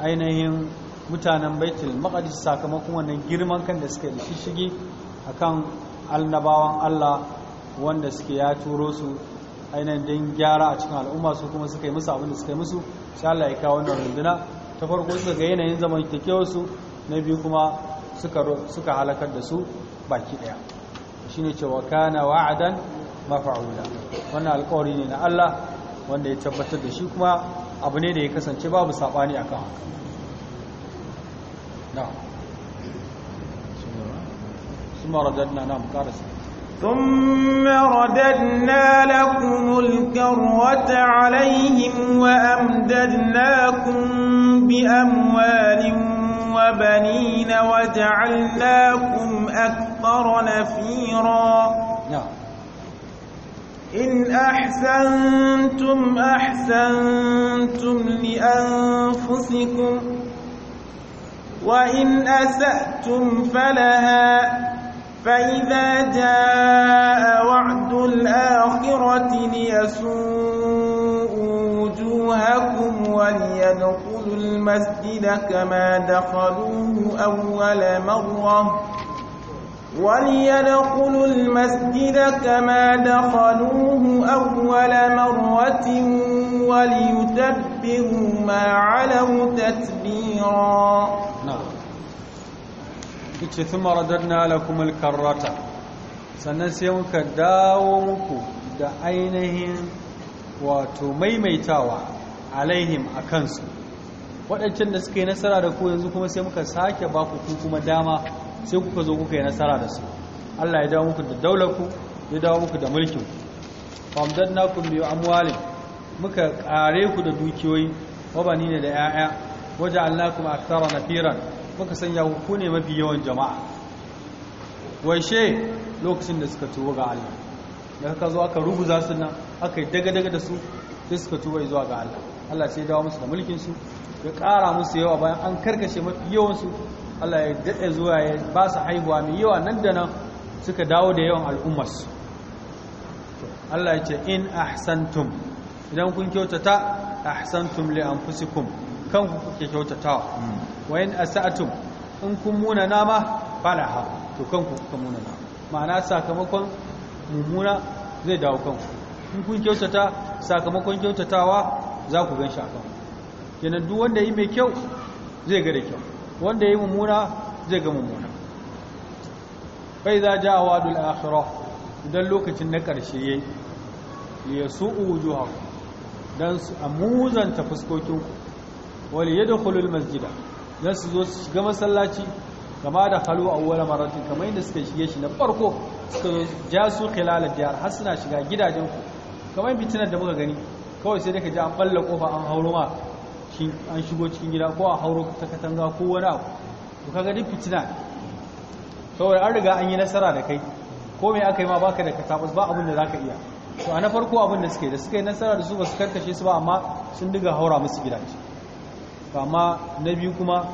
ainihin mutanen baitul maƙadisi sakamakon wannan girman kan da suka a kan annabawan Allah wanda suke ya turo su ainihin don gyara a cikin al'umma su kuma suka yi musu abin da suka yi musu sha Allah ya kawo wannan runduna ta farko suka ga yanayin su na biyu kuma suka halakar da su baki daya shi ne cewa kana wa'adan mafa'ula wannan alkawari ne na Allah wanda ya tabbatar da shi kuma abu ne da ya kasance babu saɓani a kan haka na su maradar na na mu ثم رددنا لكم الكرة عليهم وأمددناكم بأموال وبنين وجعلناكم أكثر نفيرا نعم. إن أحسنتم أحسنتم لأنفسكم وإن أسأتم فلها فإذا جاء وعد الآخرة ليسوءوا وجوهكم وليدخلوا المسجد كما دخلوه أول مرة وليدخلوا المسجد كما دخلوه أول مرة وليتبروا ما علوا تتبيراً yace thumma radadna la kuma karrata sannan sai muka dawo muku da ainihin wato maimaitawa alaihim a kansu waɗancan da suka yi nasara da ku yanzu kuma sai muka sake baku ku kuma dama sai kuka zo kuka yi nasara da su Allah ya dawo muku da daulaku ya dawo muku da mulkin naku an amwalin muka kare ku da dukiyoyi wabani ne da 'ya'ya waje tsara na firan muka sanya ku ne mafi yawan jama'a waishe lokacin da suka tuba ga Allah da ka zo aka ruguza su aka yi daga-daga da su sai suka tuba zuwa ga Allah Allah sai ya dawo musu da mulkin su ya kara musu yawa bayan an karkashe mafi yawan su Allah ya daɗe zuwa ya ba su haihuwa mai yawa nan da nan suka dawo da yawan al'ummarsu Allah ya ce in ahsantum idan kun kyautata ahsantum li anfusikum kanku kuke kyautatawa mm. wa asa'tum in kun muna nama falaha to kanku kuka muna nama ma'ana sakamakon mummuna zai dawo kanku in kun kyautata sakamakon kyautatawa za ku gan shi a kenan duk wanda yi mai kyau zai ga da kyau wanda yi mummuna zai ga mummuna bai za ja wadul akhirah idan lokacin na ƙarshe yayi ya su'u wujuhakum dan su amuzanta fuskokinku wali yadda yadkhulul masjida don su zo su shiga masallaci kama da halu a awwala maratun kamar yadda suka shige shi na farko suka zo ja su khilal diyar har suna shiga gidajen ku kamar fitinar da muka gani kawai sai daga ji an balla kofa an hauro ma an shigo cikin gida ko a hauro ta katanga ko wani abu to kaga duk fitina saboda an riga an yi nasara da kai ko mai aka yi ma baka da katabus ba abin da zaka iya to a na farko abin da suka yi da suka yi nasara da su ba su karkashe su ba amma sun diga haura musu gidaje kama na biyu kuma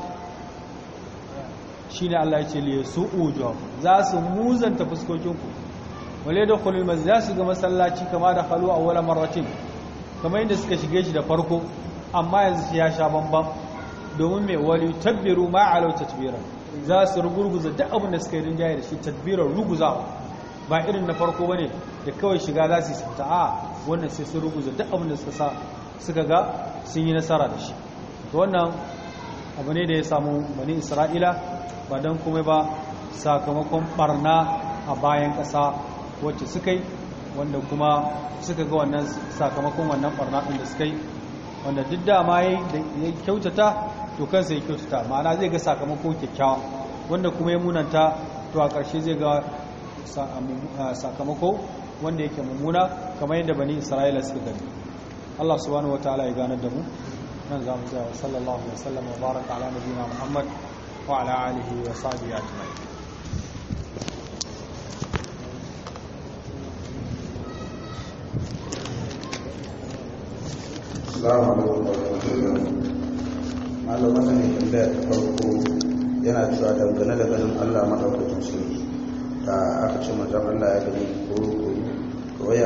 shi ne Allah ya ce liya su ujo za su muzanta fuskokinku wale da kulmar za su ga masallaci kama da halu a wala maratin kama inda suka shige shi da farko amma yanzu ya sha bambam domin mai wali tabbiru ma alau tatbira za su rugurguza duk abin da suka yi rinjaye da shi tabbirar ruguza ba irin na farko ba ne da kawai shiga za su yi a wannan sai sun rugurguza duk abin da suka ga sun yi nasara da shi to wannan abu ne da ya samu bani isra'ila ba don kuma ba sakamakon barna a bayan ƙasa wacce suka yi wanda kuma suka ga wannan sakamakon wannan barna ɗin da suka yi wanda duk da ma ya kyautata to kansa ya kyautata ma'ana zai ga sakamakon kyakkyawa wanda kuma ya munanta to a ƙarshe zai ga sakamako wanda yake mummuna kamar yadda bani isra'ila suka gani Allah subhanahu wataala ya ganar da mu صلى الله عليه وسلم وبارك على نبينا محمد وعلى آله وصحبه أجمعين السلام عليكم ورحمة الله malaman ne tambaya ta farko yana cewa dangane da ganin Allah madaukakin sarki da aka ce manzon Allah ya gani ko